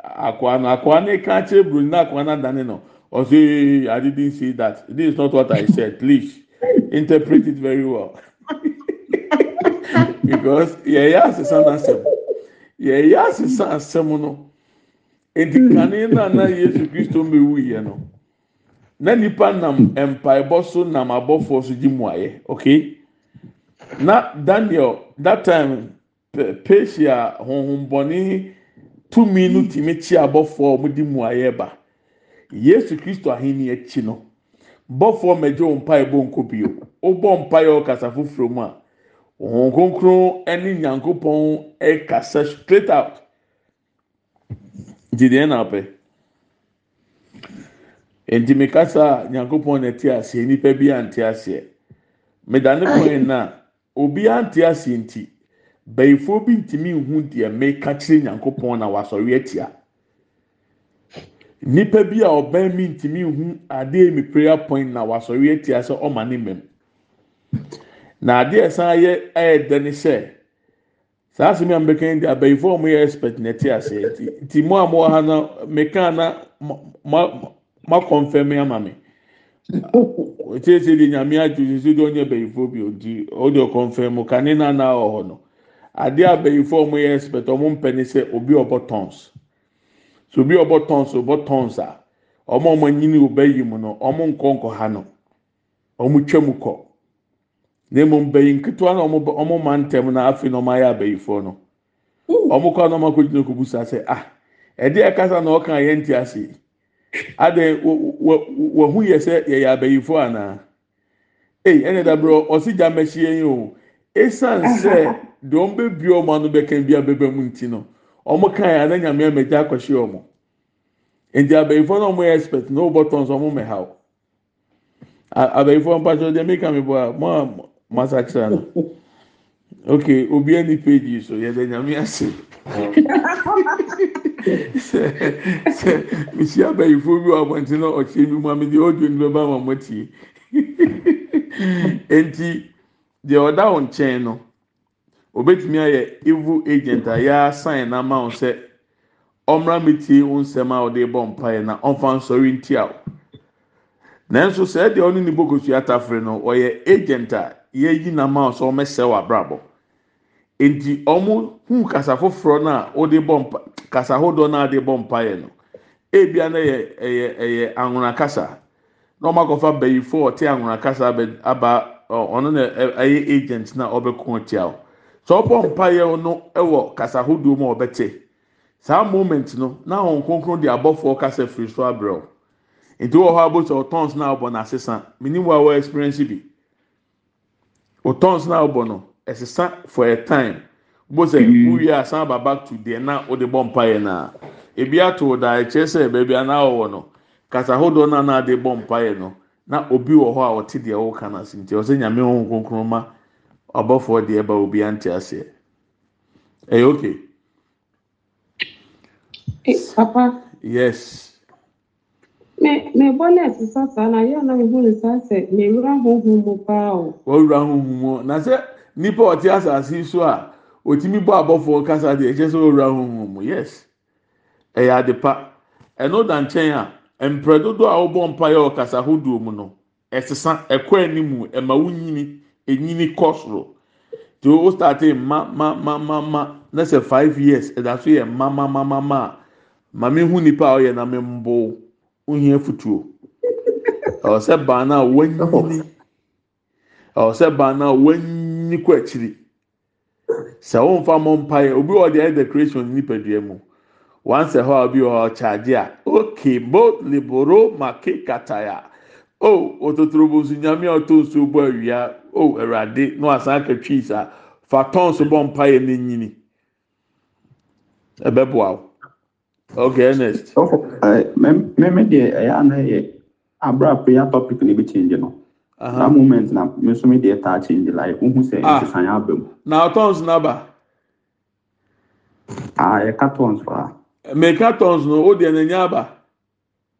akoa no akoa no eka kyerɛ buroni na akoa no adane no ɔsɛ i didn't see that this is not what i said please interpret it very well because yɛyɛ asesa n'asɛm yɛyɛ asesa asɛm no eti kane na na yesu kristo mbewu yɛ no na nipa nam mpaebɔ so nam abɔfoɔ so gyi mu ayɛ okay na daniel that time pesi a honhombɔne tumi no tìmi kyi abɔfoɔ a wɔde mu ayɛ ba yesu kristo ahenni akyi no bɔfoɔ mɛgye wɔn mpae bɔ nko bio wobɔ mpae a ɔkasa foforɔ mu a wɔn kronkron ne nyankopɔn e kasa straight out gyidiɛ na apɛ ntumi kasa a nyankopɔn na ti aseɛ nipa bi a nte aseɛ medane kɔn na. obiara nte ase nti bɛyifoɔ bi ntumi nhu deɛ meka kyerɛ nyankopɔn na wasɔre atia nipa bi a ɔbɛn mi ntumi nhu adeɛ mi prayer point na wasɔre atia sɛ ɔma ne mɛm na adeɛ san yɛ ɛyɛ dɛ ne sɛ saa asɛm yɛ mbɛka yi de abɛyifoɔ a wɔyɛ expert na ɛte ase nti nti mo a mo wɔ ha na meka na ma ma ma ama mi. seesei deɛ nyame adwiri so deɛ ɔnyɛ bɛyifoɔ bi nti ɔde ɔkɔmfɛn mu kane na na hɔ no adeɛ a ɔmo yɛ obi ɔbɔ obi ɔbɔ ɔbɔ a ɔmo ɔmo anyini ɔbɛ yi mu no ɔmo nkɔ nkɔ ha no ɔmo twɛ mu na mmom bɛyi nketewa na ɔmo ɔmo ma ntɛm na afei na ɔmo ayɛ na ɔmo akɔ gyina kɔ busa sɛ ah adị wahu yɛ sɛ yɛyɛ abɛyifo anaa ee ɛna dabere ɔsi gya mɛhyia yi o esan sɛ deɛ ɔmo bebie ɔmo ano bɛka bi abɛbɛ mu nti no ɔmo kan yɛ ana nyame amagya akɔhyɛ ɔmo nti abɛyifo na ɔmo yɛ expert na ɔbɔ tɔn so ɔmo mɛ ha o abɛyifo mpatsɔ deɛ meka mi bɔ a mo a mo no okay obiara ni page so yɛ de nyame ase. sɛ mehyia abayifoɔ bi wɔ abɔnten na ɔkyerɛ bi mu ma mɔtie enti deɛ ɔda wo nkyɛn no obetumi ayɛ evil agent a yɛasan na ma wo sɛ ɔmmra metie wo nsɛm a ɔde bɔ mpaeɛ na ɔmfa nsɔre nanso sɛ deɛ ɔne ne bokosua no ɔyɛ agent a yi na ama sɛ ɔmɛsɛ nti wɔn hu kasa foforɔ na a wɔde bɔ mpa kasa ahodoɔ no a wɔde bɔ mpaeɛ no ebia no e yɛ ɛyɛ ɛyɛ anwona kasa na wɔn akɔfa bɛyifoɔ ɔte anwona kasa aba ɔno na ɛyɛ agent na ɔbɛko ɔtia o sɛ ɔbɔ mpaeɛ no ɛwɔ kasa ahodoɔ mu ɔbɛte saa moment no na wɔn nkonkron de abɔfoɔ kasa firi so abrɛ o nti wɔ hɔ abotɔ ɔtɔns na ɔbɔ n'asesa minim wa wɔ experience bi ɔtɔns na ɔbɔ no. ɛsesa for a time bó sɛ hmm. wúwí a san ba back to deɛ na o de bɔ mpa na ebi ato da ɛkyɛ e sɛ beebi a na no kasa ahodoɔ na na de bɔ mpa no na obi wɔ hɔ a ɔte deɛ ɔka na se nti ɔsɛ nyame wɔn nkonkron ma ɔbɔfoɔ deɛ e ba obi ante aseɛ ɛyɛ eh, ok. Eh, papa. yes. me me bɔlɛ sisan sanna yɛn na mi hu ni sisan sɛ mi wura huhu mu paa o. wɔ wura huhu mu na sɛ. nipa a ɔte asase yi so a otumi bɔ abɔfoɔ kasa deɛ ɛkyɛ sɛ owura honhom mu yes ɛyɛ ade pa ɛno da nkyɛn a mprɛ dodoɔ a wɔbɔ mpa yɛ ɔkasa ahodoɔ mu no ɛsesa ɛkɔ anim ɛma wonyini enyini kɔ soro te o starte ma ma ma ma ma na sɛ five years ɛda so yɛ ma ma ma ma ma maame hu nipa a ɔyɛ na me mbo ohia futuo ɔsɛ baa na wɔnyini. ɔsɛ ban na wɔnyi kɔ akyiri sɛ wɔnfa mo mpaeɛ obi wɔ deɛ ɛyɛ decoration nipadua mu wansɛ hɔ a obi wɔ hɔ kyaagye a oke bo liboro make kataya o ototorobo nso nyame a ɔtɔ nsuo bɔ awia o awurade na wasan aka twiis a fa tɔn so bɔ mpaeɛ ne nyini ɛbɛboa o ok ernest. ɔfɔ ɛɛ mɛmɛ deɛ ɛyɛ anan yɛ abira prayer topic ni bi change no. that moment na meso me dey touch in the life ohun sɛ ɛsesanya aba mu. na tons n'aba. a ah, yɛka e tons fa. meka tons no o deɛ n'enye aba.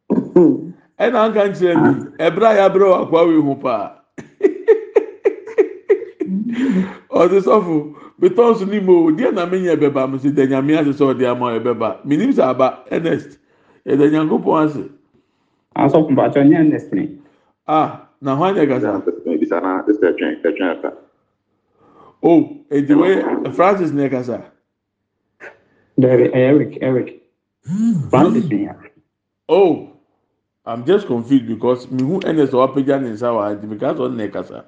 ɛna e nka nkyerɛ mi ɛbrɛ ah. e a yɛabrɛ wɔ akwa wei ho paa. ɔsi sɔfo mi tons ni mo o deɛ na mi nyɛ bɛba mi si dɛ ase sɛ ɔde ama ɛbɛba mi sɛ aba ernest ɛdɛ nyanko pɔn ase. asɔfo ah, mpatsɔ nye ernest ni. ah. na hwan na ɛkasa bisa na sɛ ɛtwɛn ɛtwɛn ɛka o eti wei francis na ɛkasa. dabi eric eric hmm. francis nia. oh i'm just confused because mi hu ernest ɔwapagya ne nsa wa adi because ɔn na ɛkasa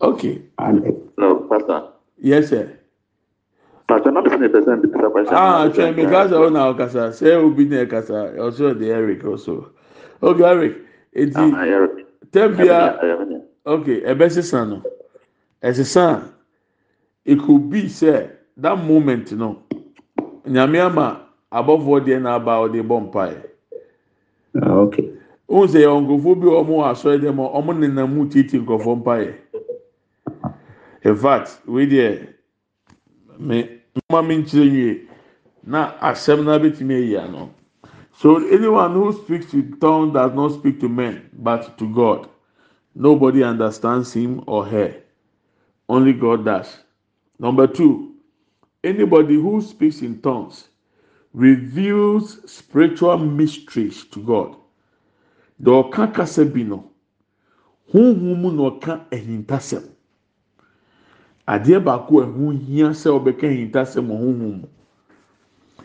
okay. no pastor. yes sir. pastor na bisi na person bi bisa question. ah twɛn because ɔn na ɔkasa sɛ obi na ɛkasa ɔsoro de eric also okay eric eti. ah eric. tibia ɔbɛsesa no ɛsesa a ɛkɔbi sɛ that moment no nyameɛ ma abɔfoɔ deɛ naaba wode bɔ mpaeɛ whu ah, sɛ yɛwɔnkurɔfoɔ bi ɔ ma wɔ asɔredeɛ ma ɔmo ne namu titi nkrɔfɔɔ mpaeɛ infact wei deɛ eoma me nkyerɛ nnwie na asɛm no bɛtumi ayi a no So anyone who speaks in tongue does not speak to men, but to God. Nobody understands him or her. Only God does. Number two, anybody who speaks in tongues reveals spiritual mysteries to God. Deɛ ɔka kasa bi no, huhun mu na ɔka ahintasɛm. Adeɛ baako a ɛho hia sɛ ɔbɛka ahintasɛm huhun mu.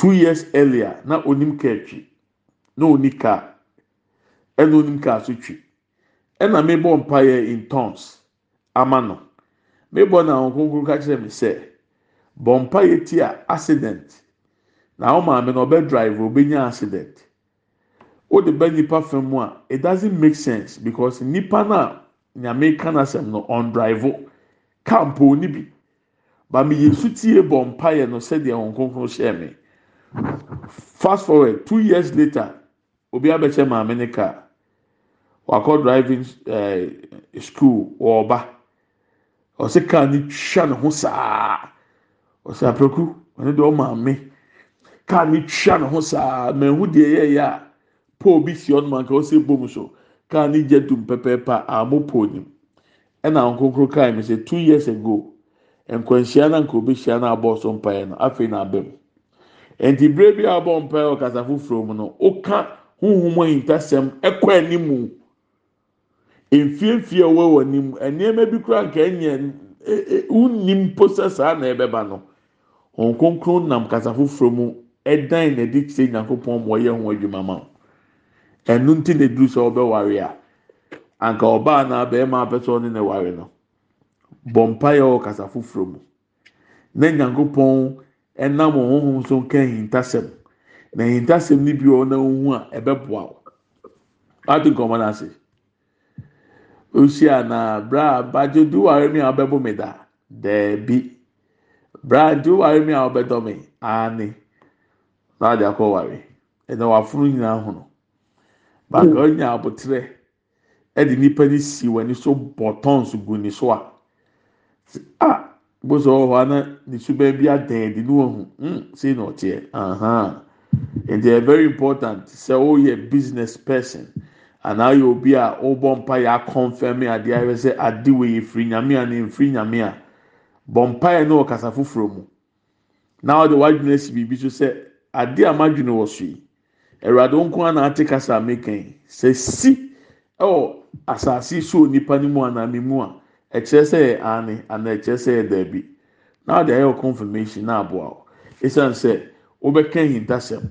two years earlier na onim kaa twi na oni kaa ɛna onim kaa so twi ɛna mebɔ mpaeɛ in tons ama no mebɔ na wɔn konkono ka kyerɛ mi sɛ bɔ mpaeɛ ti a accident na wɔn maame na ɔbɛ drive ɔbɛnya accident wode bɛ nipa fam mu a it doesn't make sense because nipa na nyame ka na no on drive kaa mpo ni bi ba mi yɛ sutie bɔ mpaeɛ no sɛdeɛ wɔn konkono hyɛ mi. fast forward two years later obi abɛkyɛ maame ne car wakɔ driving ɛɛ eh, school wɔ ɔba ɔsi car ne twa ne ho saa ɔsi apɛku ɔne deɛ ɔmaame car ne twa ne ho saa mɛhu deɛ yɛ yɛ a pole bi si ɔnum anka ɔsi bom so car ne gye dum pɛpɛɛpɛ a amo pole nim ɛna nkonkoro car mi sɛ two years ago nkwanhyia na nka obi hyia na abɔ so mpaeɛ no afei na abɛm. nti bere bi a ɔbɔ mpaeɛ ɔkasa foforɔ mu no ɔka huhum ahintasɛm ɛkɔ anim mu mfiefie ɔwɔ wɔ anim nneɛma bi kura nka ɛnyɛ ɛ e, ɛ e, unnim mpo saa na ɛbɛba no wɔn konkron nam kasa foforɔ mu ɛdan na ɛde kyerɛ nyankopɔn ma ɔyɛ ho adwuma ma ɛnu ti na edu sɛ ɔbɛware a anka ɔbaa na bɛrima apɛ sɛ na ɛware no bɔ mpaeɛ ɔkasa foforɔ mu na nyankopɔn. ɛnam ɔhohom so nka ahintasɛm na ahintasɛm no bi wɔ na ohu a ɛbɛboa wo adi nkɔmɔ n'ase osia na bra badwo du mi a ɔbɛbɔ mi da dɛɛbi bra du wari mi a ɔbɛdɔ mi aane na adi akɔ wari ɛna wafunu nyinaa ho no baaka hmm. ɔnya abotire ɛde nipa ne si wɔ ni so bɔtɔns gu ni so a a. Ah, bó sọ wɔ hɔ ana ne suban bi adan adi ne wɔn hmm sei na ɔteɛ ahan nti ɛ very important sɛ ɔyɛ oh, business person anaa yɛ obi a ɔbɔ oh, mpa yɛ akɔnfɛm adeɛ ayɛ sɛ adi wɔ yɛ firi nyame a ne nfiri nyame a bɔ mpa yɛ ne wɔ kasa foforɔ mu na ɔde wadwene si biribi oh, so sɛ adeɛ a madwene wɔ so yi awurade nko ara na ate kasa mekan sɛ si ɛwɔ asaase so nipa ne mu anaa mu a. ɛkyerɛ sɛ yɛ aane anaa ɛkyerɛ sɛ yɛ daabi na ɔde ayɛ wɔ confirmation na aboa o esan sɛ wobɛka hintasɛm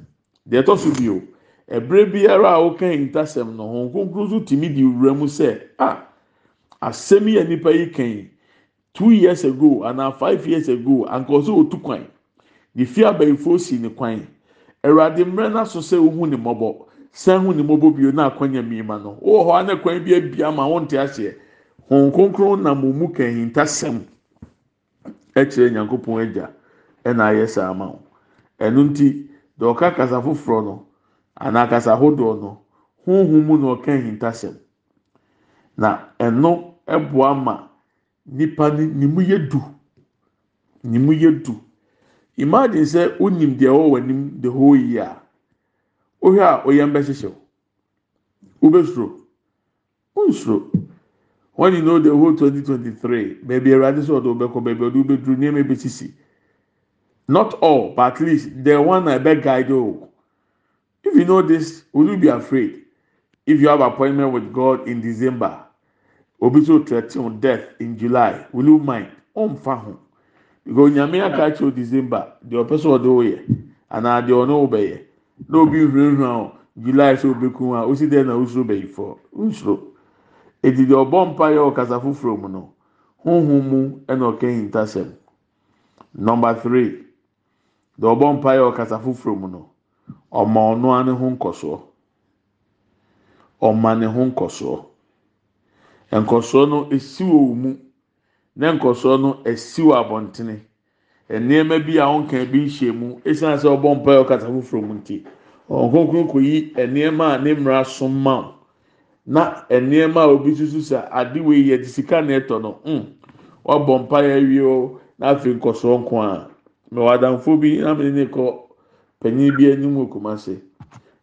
deɛ ɛtɔ so bio ɛbrɛ biara a woka hintasɛm no ho nkonkron nso tumi di wura mu sɛ a ah, asɛm yi a nipa yi ka yi two years ago anaa five years ago ankɔso otu kwan yefi abayifoɔ si ne kwan awurade mmerɛ n'aso sɛ ohun ne mɔbɔ sɛ ohun ne mɔbɔ bio na akɔnya mmiɛnma no wɔ hɔ anakwan bi abia ma wɔn te aseɛ. honhom kronkron nam mu kɛhintasɛm kyerɛ nyankopɔn agya ɛna ayɛ saa ama wo ɛno nti deɛ ɔka kasa foforɔ no anaa kasa ahodoɔ no honhom mu na ɔka sɛm na ɛno boa ma nipa no ne yɛ du ne yɛ du imagine sɛ wonim deɛ ɔwɔ w'anim the whole year wohwɛ a ɔyɛm bɛhyehyɛ wo wobɛsuro wonsuro when you know the whole 2023 baabi awurade sọ ọdọ ọbẹkọ baabi ọdọ ọbẹduru ní ẹmẹ bẹsisi not all but at least the one i beg guide you if you know this will you be afraid if you have appointment with god in december obi so threaten death in july will you mind ọmfa ho because onyame aka kyerɛ december deɛ ɔpɛ sɛ ɔde oyɛ anaa deɛ ɔne ɔbɛyɛ na obi nhwirenhwiren a july sɛ obi kun a osi deɛ na osoro bɛyifɔ nsoro. edidi ọbọ ɔbɔ ya ọkasa foforɔ mu no honhom mu ɛna ɔkɛhin tasɛm number three deɛ ɔbɔ ya ɔkasa foforɔ mu no ɔma ɔnoa ne ho nkɔsoɔ ɔma ne ho nkɔsoɔ nkɔsoɔ no esi wɔ wɔn mu na nkɔsoɔ no esi wɔ abɔntene nneɛma bi a ɔnkan bi hyɛ mu esan sɛ ɔbɔ ya ɔkasa foforɔ mu nti ɔnkonkron kɔ yi nneɛma a ne mmara so ma o. na nneɛma a obi susu sa ade wei yɛ de sika na ɛtɔ no mm wabɔ mpa ya wie o na nkɔsoɔ nko a mɛ wadanfo bi na mɛ ne kɔ panyin bi anim wɔ Kumasi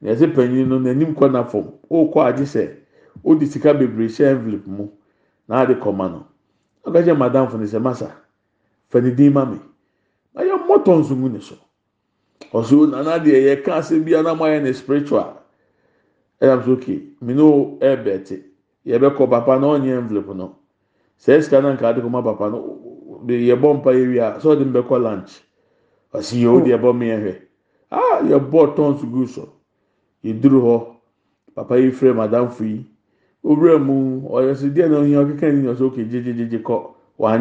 na yɛsɛ panyin no n'anim kɔ na fam ɔɔkɔ agye sɛ ɔde sika bebree hyɛ envelope mu na ade kɔma no ɔkɛkyɛ madamfo ne sɛ masa fa ne din ma mi na yɛ mmɔtɔ nso mu ne so ɔso nana deɛ yɛ ka asɛm bi anam ayɛ ne spiritual. ɛnam so ke mene o ɛbɛte yɛbɛkɔ papa na ɔnyɛ envelope no sɛ sika na nke kɔma papa no yɛbɔ mpa yɛ sɛ ɔde mbɛkɔ lunch ɔsi ah, yɛ o deɛ mmea hwɛ ah yɛbɔ tons gu so yɛduru hɔ papa yi madam madamfo yi owura mu ɔyɛ deɛ na ɔhia ɔkeka ni ɔsɛ oke gyegyegyegye kɔ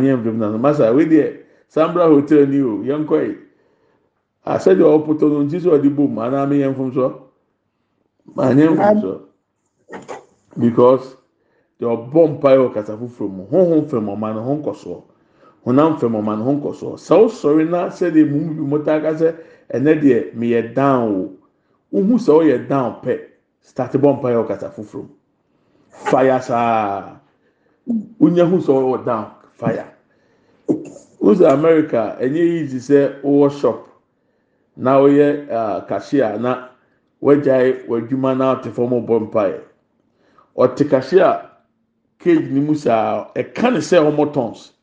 envelope na no masa deɛ sambra o yi asɛdeɛ no nti sɔoɔsɛ wosɔre na sɛdeɛ mm imoakasɛ ɛnɛ deɛ meyɛ da o wohu sɛ woyɛ da pɛfoff ahsɛaf s america nyɛ yii sɛ wowɔ oh, shop uh, na woyɛ kasiaa wagyae w'adwuma no ate fam bɔ mpaeɛ ɔte kahye a cage ne mu saa ɛka ne sɛ ɔmɔ tons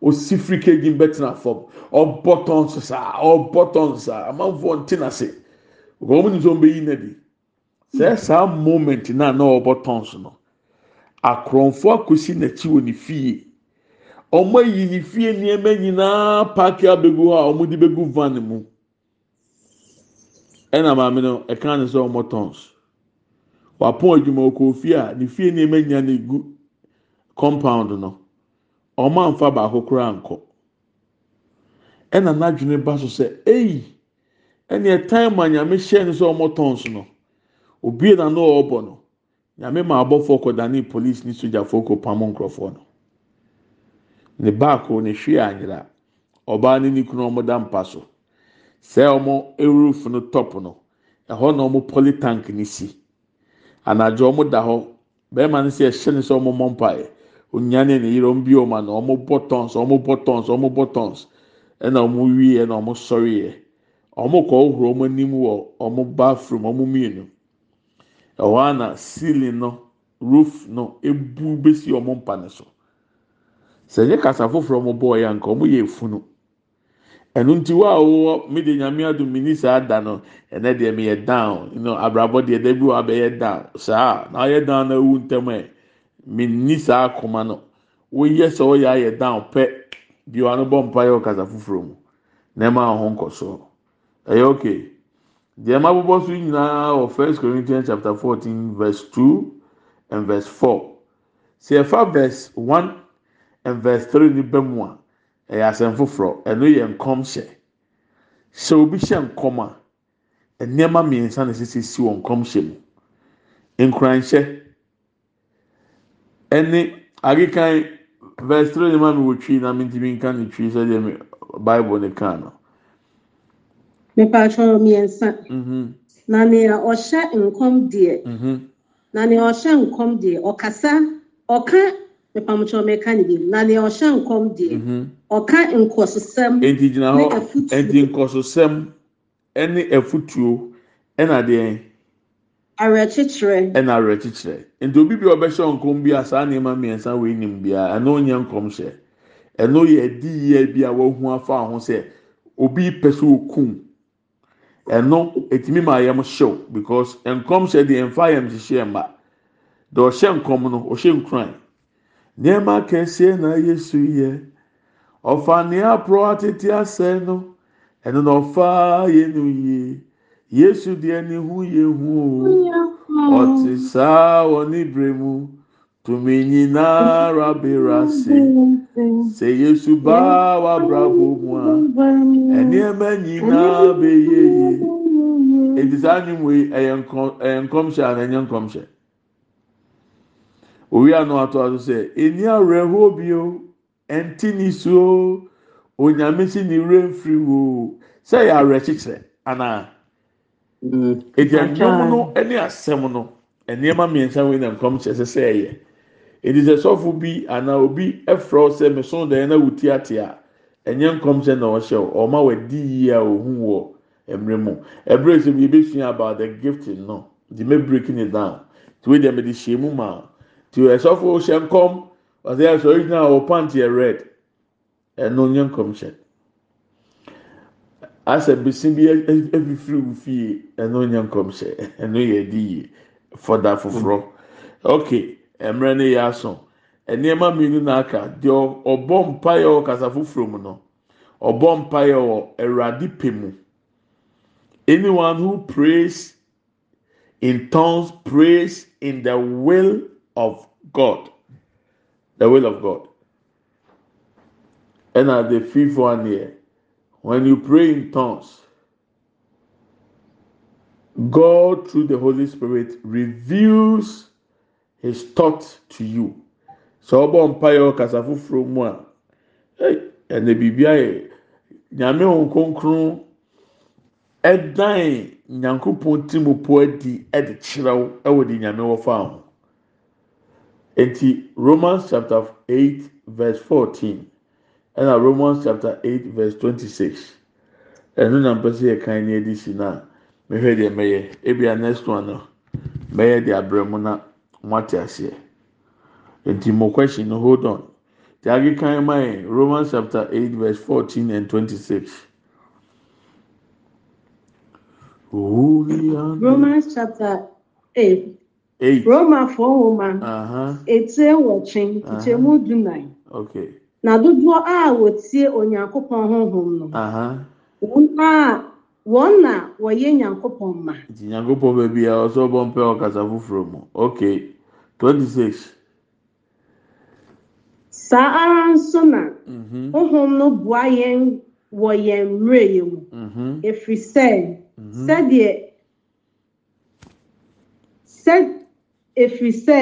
osi firi cage ne bɛtena fam ɔbɔ tons saa ɔbɔ tons saa amanfoɔ nte n'ase wɔn mu nso bɛyi n'adi sɛ hmm. saa moment naa na ɔbɔ tons no akoronfoɔ akosi n'akyi wɔ ne fie wɔn ayi ne fie nneɛma nyinaa paaki abegu hɔ a wɔde begu van mu. ɛna maame no ɛka ne sɛ ɔmo tɔns wapɔn adwuma okɔ a ne fie nneɛma nya ne gu compound no ɔmo anfa baako koraa nkɔ ɛna n'adwene ba so sɛ eyi ɛna ɛtan ma nyame hyɛ ne sɛ ɔmo tɔns no obie na no ɔbɔ no nyame ma kɔ dani polisi ne kɔ nkorɔfoɔ no ne baako ne anyira ɔbaa ne ne kunu mpa so. sɛ wɔn roof no top no ɛhɔ na wɔn poly tank no si anadwo wɔn da hɔ bɛrima no si ɛhyɛ no sɛ wɔn mɔ mpaeɛ onyaa ne yere wɔn bi wɔn ano wɔn bɔ tons wɔn bɔ tons wɔn bɔ tons ɛna wɔn na wɔn sɔre wɔn kɔ hohoro wɔn besi wɔn mpa so sɛ kasa foforɔ wɔn bɔ ɔyɛ efunu. ɛnu nti wo a wowɔ mi de nyame adum mi ni saa da no ɛnɛ deɛ mi yɛ down you know abrabɔ deɛ dɛbi wo abɛyɛ down saa na ɔyɛ down na ewu ntɛm yɛ mi ni saa kɔma no woyɛ sɛ ɔyɛ ayɛ down pɛ bi wa no bɔ mpa yɛ ɔkasa foforɔ mu na ɔho nkɔ so ɛyɛ okay deɛ ma bɔbɔ so nyinaa wɔ first corinthians chapter fourteen verse two and verse four sɛ ɛfa verse one and verse three ni bɛ mu a. ɛyɛ asɛm foforɔ ɛno yɛ nkɔm hyɛ sɛ obi hyɛ nkɔm a nneɛma mmiɛnsa na ɛsɛ si wɔ nkɔm hyɛ mu nkuranhyɛ ɛne akekan verse three ne ma mi wɔ twi na mi ti mi nka ne twi sɛ deɛ mi bible ne kan no. mpatsɔ mmiɛnsa. Mhm. na nea ɔhyɛ nkɔm deɛ. Mhm. na nea ɔhyɛ nkɔm deɛ ɔkasa ɔka mpatsɔ mmiɛnka ne bi na nea ɔhyɛ nkɔm deɛ. Mhm. ɔka nkɔsosɛm eti gyina hɔ eti nkɔsosɛm ɛne efutuo ɛna deɛ awerɛkyekyerɛ ɛna awerɛkyekyerɛ nti obi bi a ɔbɛhyɛ nkɔm bi a saa nneɛma mmiɛnsa wɔ enim bia ɛna onye nkɔm hyɛ ɛna oyɛ edi yie bi a wahu afa ho sɛ obi pɛ sɛ okum ɛno etimi ma yɛm hyew because nkɔm hyɛ deɛ nfa yɛm hyehyɛ mma deɛ ɔhyɛ nkɔm no ɔhyɛ nkuran nneɛma kɛseɛ na yesu yɛ ɔfa nea aprɔ atete asɛe no ɛno na ɔfa yɛ no yie yesu deɛ ne ho yɛ hu o ɔte saa wɔ ne bere mu tumi nyinaa rabera se sɛ yesu baa wabrabɔ mu a ɛnneɛma nyinaa bɛyɛ yie edi saa ne mu yi ɛyɛ nkɔm ɛyɛ nkɔmhyɛ a ɛnyɛ nkɔmhyɛ owia no ato ato sɛ eni awerɛhoɔ bio ɛnti ni suo onyame si ni wura mfiri wo sɛ yɛ awerɛ kyekyerɛ anaa edi no ɛne asɛm no ɛnneɛma mmiɛnsa wei na nkɔm kyerɛ sɛ sɛ ɛyɛ edi sɛ sɔfo bi anaa obi ɛfrɛ sɛ meson dan na wuti ate a ɛnyɛ nkɔm kyerɛ na ɔhyɛ o ɔma wɔ di yie a ohu wɔ mmerɛ mu ɛbrɛ sɛ bi ebi no di me breaking it down tiwe deɛ me de hyɛ mu ma tiwe ɛsɔfo ɔde ahyɛ original a wɔ panty yɛ red ɛno nye nkɔmhyɛ asɛ besin bi e-, e-, efifiri wo fie ɛno nye nkɔmhyɛ ɛno yɛ di yie fɔda foforɔ ok mmerɛ no yɛ aso nneɛma mmienu na aka deɛ ɔbɔ mpaeɛ wɔ kasa foforɔ mu no ɔbɔ mpaeɛ wɔ awurade pɛ mu anyone who prays in tongues prays in the will of god. wl of god ɛna de fiefo aneɛ when you pray in tons god trough the holy spirit revials his thought to you sɛ wɔbɔ ɔmpayɛ wɔkasa foforɔ mu aɛne biribia yɛ nyame wo kronkron ɛdan nyankopɔn ti mu po adi de kyerɛ wo wɔde nyame wɔfaa ho Enti Romans chapter 8 verse 14 and Romans chapter 8 verse 26 then I'm sɛ yɛ kan ne adi si na mehwɛ deɛ mɛyɛ a next one no the de abrɛ here. na mo question hold on The Agi kan ma Romans chapter 8 verse 14 and 26. Romans chapter 8 Roma for woman, uh -huh. etie wɔtwe, etie mu Okay. Na dodoɔ a wotie onyankopɔn honhom no. Wɔn na ma. Nti nyankopɔn baabi a ɔsɛ ɔbɔ mpɛ ɔkasa mu. Okay, twenty Saa ara nso na mm-hmm. honhom no boa yɛn wɔ yɛn mmerɛ yɛn mu. Mm-hmm. Efiri sɛ, mm-hmm. sɛdeɛ sɛ. ɛfiri sɛ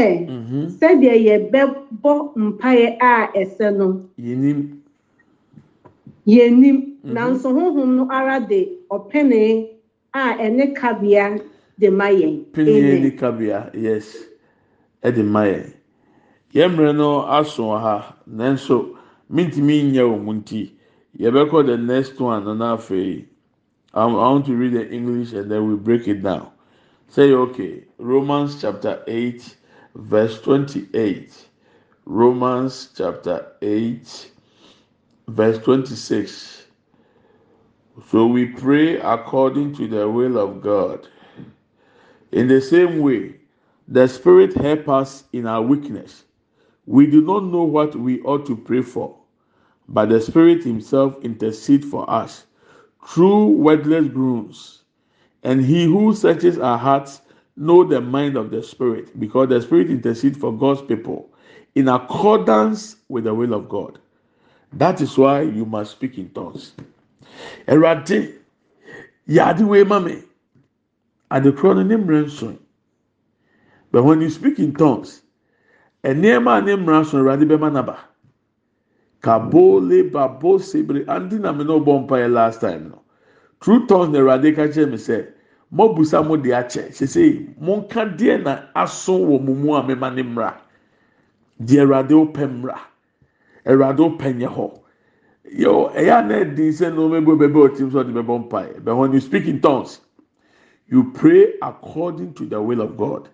sɛdeɛ yɛbɛbɔ mpaeɛ a ɛsɛ no yɛnim mm-hmm. nanso honhom no ara de ɔpene a ɛne kabea de ma yɛn ne kabea yes ɛde ma yɛn yɛn no aso ha nanso minti nyɛ wɔn mu nti yɛbɛkɔ the next one na afei i want to read the english and then we break it down. Say, okay, Romans chapter 8, verse 28. Romans chapter 8, verse 26. So we pray according to the will of God. In the same way, the Spirit helps us in our weakness. We do not know what we ought to pray for, but the Spirit Himself intercedes for us through wordless groans. And he who searches our hearts know the mind of the Spirit, because the Spirit intercedes for God's people in accordance with the will of God. That is why you must speak in tongues. Erade, we mame, adekron ne mrenson. But when you speak in tongues, enema ne mrenson erade bema naba. Kabole babo sebre, andi na no bompa last time no true talk na awurade ka kyerɛ me sɛ mɔbusa mo de akyɛ sese monka deɛ na aso wɔ mo mu a mema ne pemra, deɛ awurade wopɛ awurade nyɛ hɔ yo ɛyɛ anɛ di sɛ no mɛbɔ bɛbɛ ɔti sɛ ɔde bɛbɔ mpae but when you speak in tongues you pray according to the will of God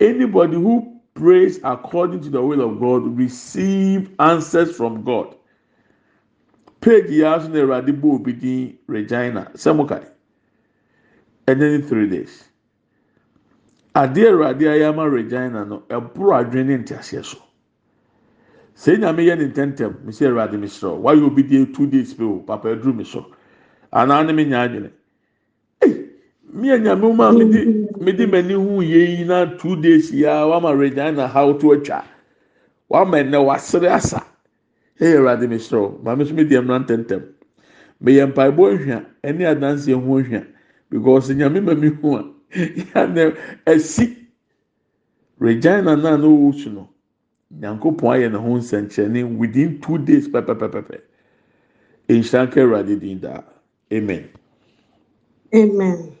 anybody who prays according to the will of God receive answers from God page yi ara na awurade obi din regina sɛmoka ɛnyɛ ne three days adeɛ awurade ayɛ ama regina no ɛboro adwene ne nteaseɛ so sɛ nyame yɛ ne ntɛntɛm mesɛ awurade mesrɛ wayɛ obi deɛ two days pɛ o so anaa ne me nya adwene nyame mu a m'ani hu na two days yi a wama regina how to atwa wama ɛnɛ wasere asa. ɛyɛ awurade mesrɛ wo maame so medi mmara ntɛmtɛm meyɛ mpaebɔ nhwa ɛne adanseɛ ho nhwa because nyame ma me hu a yɛanɛ asi regina naa na ɔwɔ su no nyankopɔn ayɛ ne ho nsɛnkyerɛnne within two days pɛpɛpɛpɛpɛ nhyira nka awurade din daa amen amen